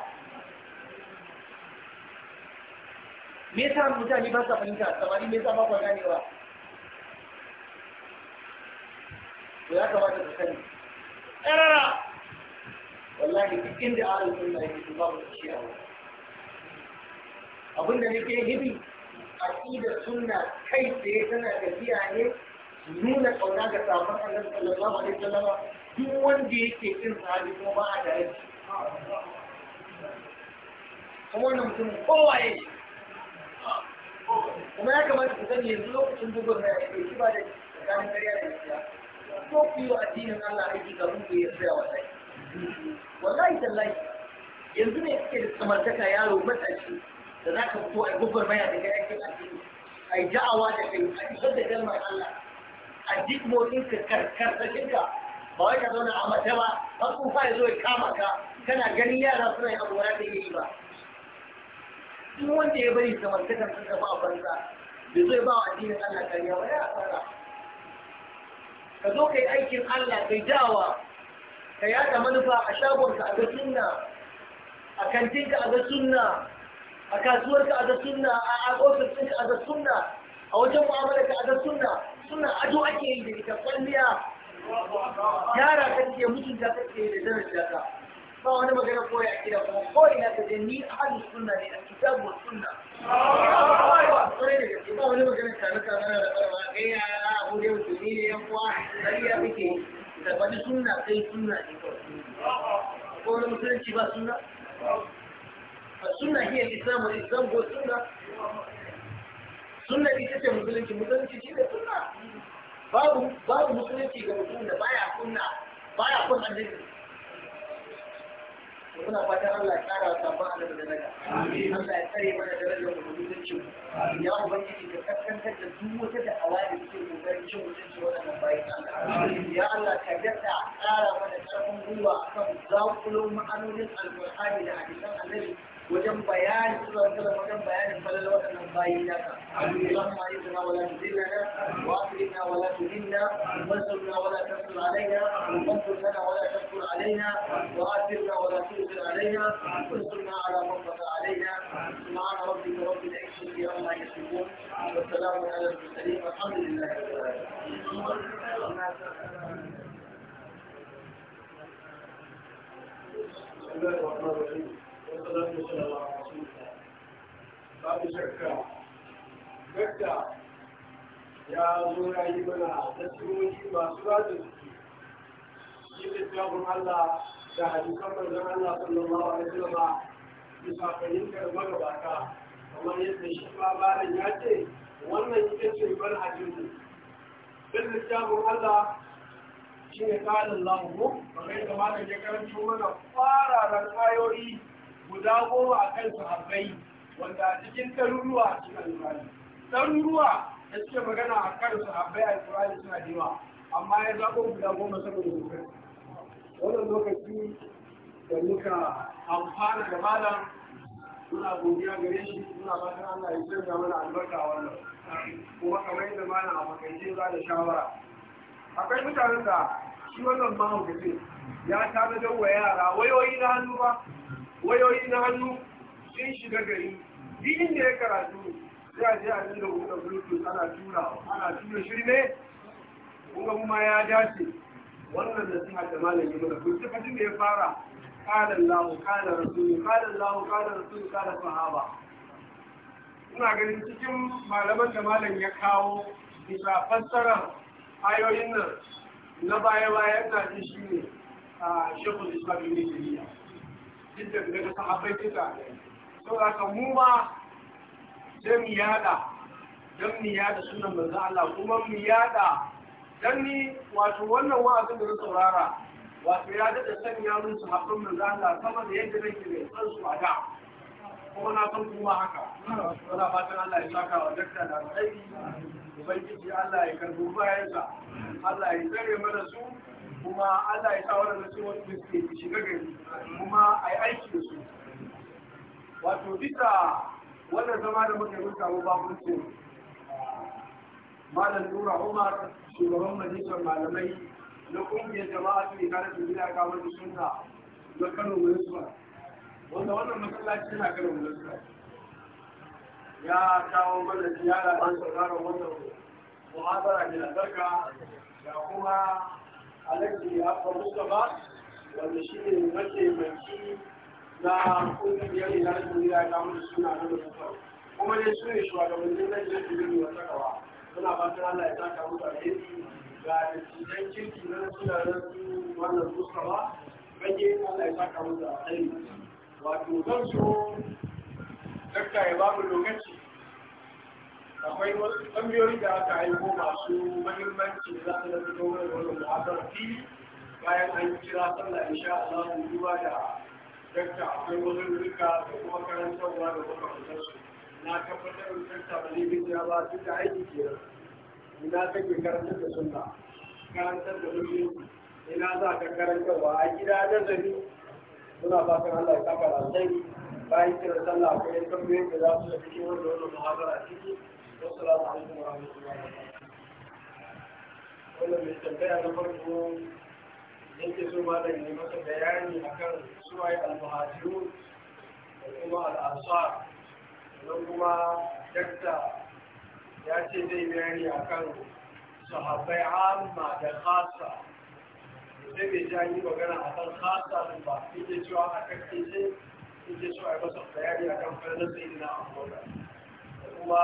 me yasa mutane ba sa fahimta samari me yasa ba kwa ganewa to ya kamata ka sani ƙarara wallahi duk inda ahlus sunna yake to babu shi a wurin abinda nake hibi aqidar sunna kai tsaye tana tafiya ne nuna ƙauna ga sabon annabi sallallahu alaihi wasallam duk wanda yake kin sahabi kuma ba a tare shi kuma wannan mutum kowa ya kuma ya kamata ku sani yanzu lokacin dubur na ya shi ba da tsakanin ƙarya da gaskiya ko ku yi wa addinin Allah aiki ga ku ya tsaya wallahi wallahi tallahi yanzu ne kake da samartaka yaro matashi da za ka fito a gubar maya da kai aikin addini a yi da'awa da kai a isar da kalmar Allah a duk motsinka karkashinka ba wai ka zauna a mace ba har kun fa ya ya kama ka kana ganin yara suna yin abu wani da yi ba duk wanda ya bari samartaka sun tafi a banza bai zo ba wa addinin Allah kariya ba ya fara ka zo ka yi aikin Allah kai dawa ka yada manufa a shagonka a ga sunna a kantinka a ga sunna a kasuwarka a ga sunna a ofisinka a ga sunna a wajen mu'amalarka a ga sunna sunna ado ake yi da ita kwalliya yara ke, mutunta kake da darajar ka ba wani magana ko ya kira kuma ko ina ka je ni ahli sunna ne alkitabu sunna ba wani magana ta naka mana da kai ya ko dai musulmi ne yan kuwa dariya da wani sunna sai sunna ne ko wani musulunci ba sunna السنة هي الإسلام والإسلام هو ita ce musulunci, musulunci مسلمتي مسلمتي دي السنة باب باب مسلمتي كمسلمة بايع kunna, بايع كنا عندنا muna fatan Allah ya kara sabon annabi da daga Allah ya tsare mana darajar mu mutunci ya ubangiji ka kaskantar da duk wata da awali da take kokarin cin mutunci wannan Allah ya Allah ka gadda kara mana karfin gwiwa akan zakulun ma'anonin alqur'ani da hadisan annabi wajen bayani suna kada wajen bayanin falal waɗannan bayi naka Allahumma ayyana wala tudillana wa afrina wala tudinna wansurna wala tansur alaina wanfur lana wala tansur alaina wa athirna wala tu'thir alaina wansurna ala man fata alaina subhana rabbika rabbil izzati amma yasifun wa salamun ala al-mursalin walhamdulillahi rabbil alamin Thank you. والصلاة والسلام على رسول ya zo ya yi mana tasirori masu rada Allah da hadisan manzon Allah sallallahu alaihi magabata kamar yadda shi bayan ya wannan ita ce manhajin mu Allah shi ne kalin lahu kamar da malam ya karanto mana fararen kayoyi. guda goma a kan su harbai wanda a cikin ɗaruruwa a cikin alƙur'ani ɗaruruwa da suke magana a kan su harbai a alƙur'ani suna da amma ya zaɓo guda goma saboda lokaci wannan lokaci da muka amfana da malam muna godiya gare shi muna fatan Allah ya canza mana albarka a wannan kuma kamar yadda malam a makaice za da shawara akwai mutanen da shi wannan mahaukacin ya tanadar wa yara wayoyi na hannu ba wayoyi na hannu sun shiga gari dinin da ya karatu ce a je da wuta buɗe bluetooth ana tura ana tura shirme kuma kuma ya dace wannan nasiha da yi mana kun ci da ya fara qala lahu qala rasul qala lahu qala rasul qala sahaba ina ganin cikin malaman da malam ya kawo bisa fassara ayoyin nan na baya-baya ina ji shi ne a ah, shekul islam ibn taymiyyah jidda daga sahabbai duka saboda ka mu ma sai mu yada don mu yada sunan manzo Allah kuma mu yada dan ni wato wannan wa'azin da na saurara wato ya dada sanya mun sahabban manzo Allah sama da yadda nake da san su a da kuma na san kuma haka wala fatan Allah ya saka wa dakta da alkhairi ubangiji Allah ya karbo bayansa Allah ya tsare mana su kuma Allah ya sa waɗanda sun wani biske shiga gari kuma a yi aiki da su wato bisa wannan zama da muka yi samu ce. malam nura umar shugaban majalisar malamai na ƙungiyar jama'a su ne kare su gida ga wani sunna na kano municipal wanda wannan masallaci na kano municipal ya kawo mana ziyara don sauraron wannan muhabara mai albarka da kuma alhaji ya fa mustafa wanda shi ne mataimaki na kungiyar ilan duniya ta suna na mutu kuma dai su ne shugabannin na jirgin wata suna allah ya taka mu ga dattijan kirki na suna na wannan rage allah ya taka wato zan so babu lokaci akwai wasu da aka aiko masu mahimmanci da za su da fito wani mu'azar fili bayan an kira sallah insha Allah mu duba da dakta akwai wasu rika da kuma karantarwa da kuma makamantarsu na tabbatar da dakta ba zai biya ba duk da aiki kenan ina kake karantar da sunna karantar da musulunci ina za ka karantarwa a gida nazari muna fatan Allah ya kafa alheri bayan kira sallah akwai tambayoyin da za su da cikin wani wannan muhabara ciki Assalamu alaikum wa rahmatullahi wa barakatuh. Wannan mai tambaya na farko yake so malam ya masa bayani akan suwaye al-muhajirun da kuma al-ansar sannan kuma dakta ya ce zai bayani akan sahabbai amma da khasa sai bai ji an yi magana a kan khasa ba in cewa a kan kece cewa a bayani a kan fara na na abubuwa kuma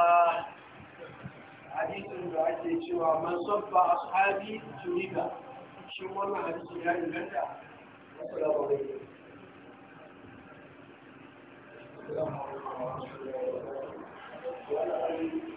hadisin da ake cewa man sabba ashabi tuniba shi wannan hadisi ya inganta assalamu alaikum Thank you.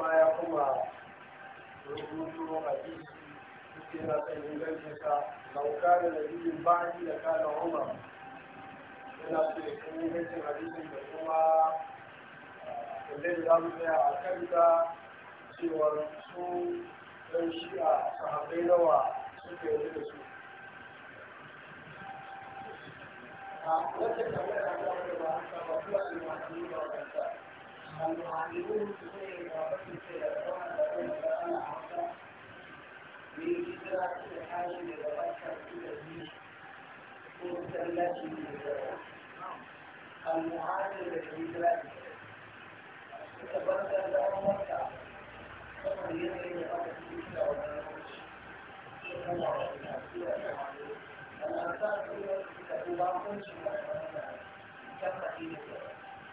kuma ya kuma rubutu hadisi suke na san ingancin sa laukari da biyun bani da kana umar yana so ya san ingancin hadisin da kuma kullum eh, zamu tsaya a kan ta cewar su ɗan shi'a sahabbai nawa suke yi da su ah, a wata kamar da ba ba ba kuma su masu yi ba da da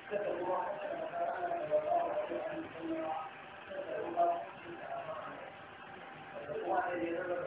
Thank you. Gracias.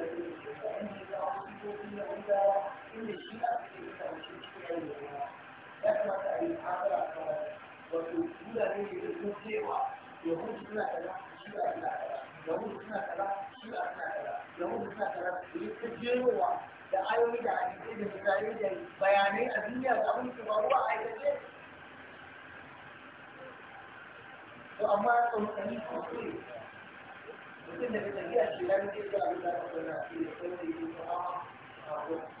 da ayoyi da hadisai da misalai da bayanai a duniya da abin da faruwa a aikace to amma ya tsawo kani ko kuri mutum da ka tafiya shi ya rike da abin da ka tsawo na shi da tsawo da yake tsawo a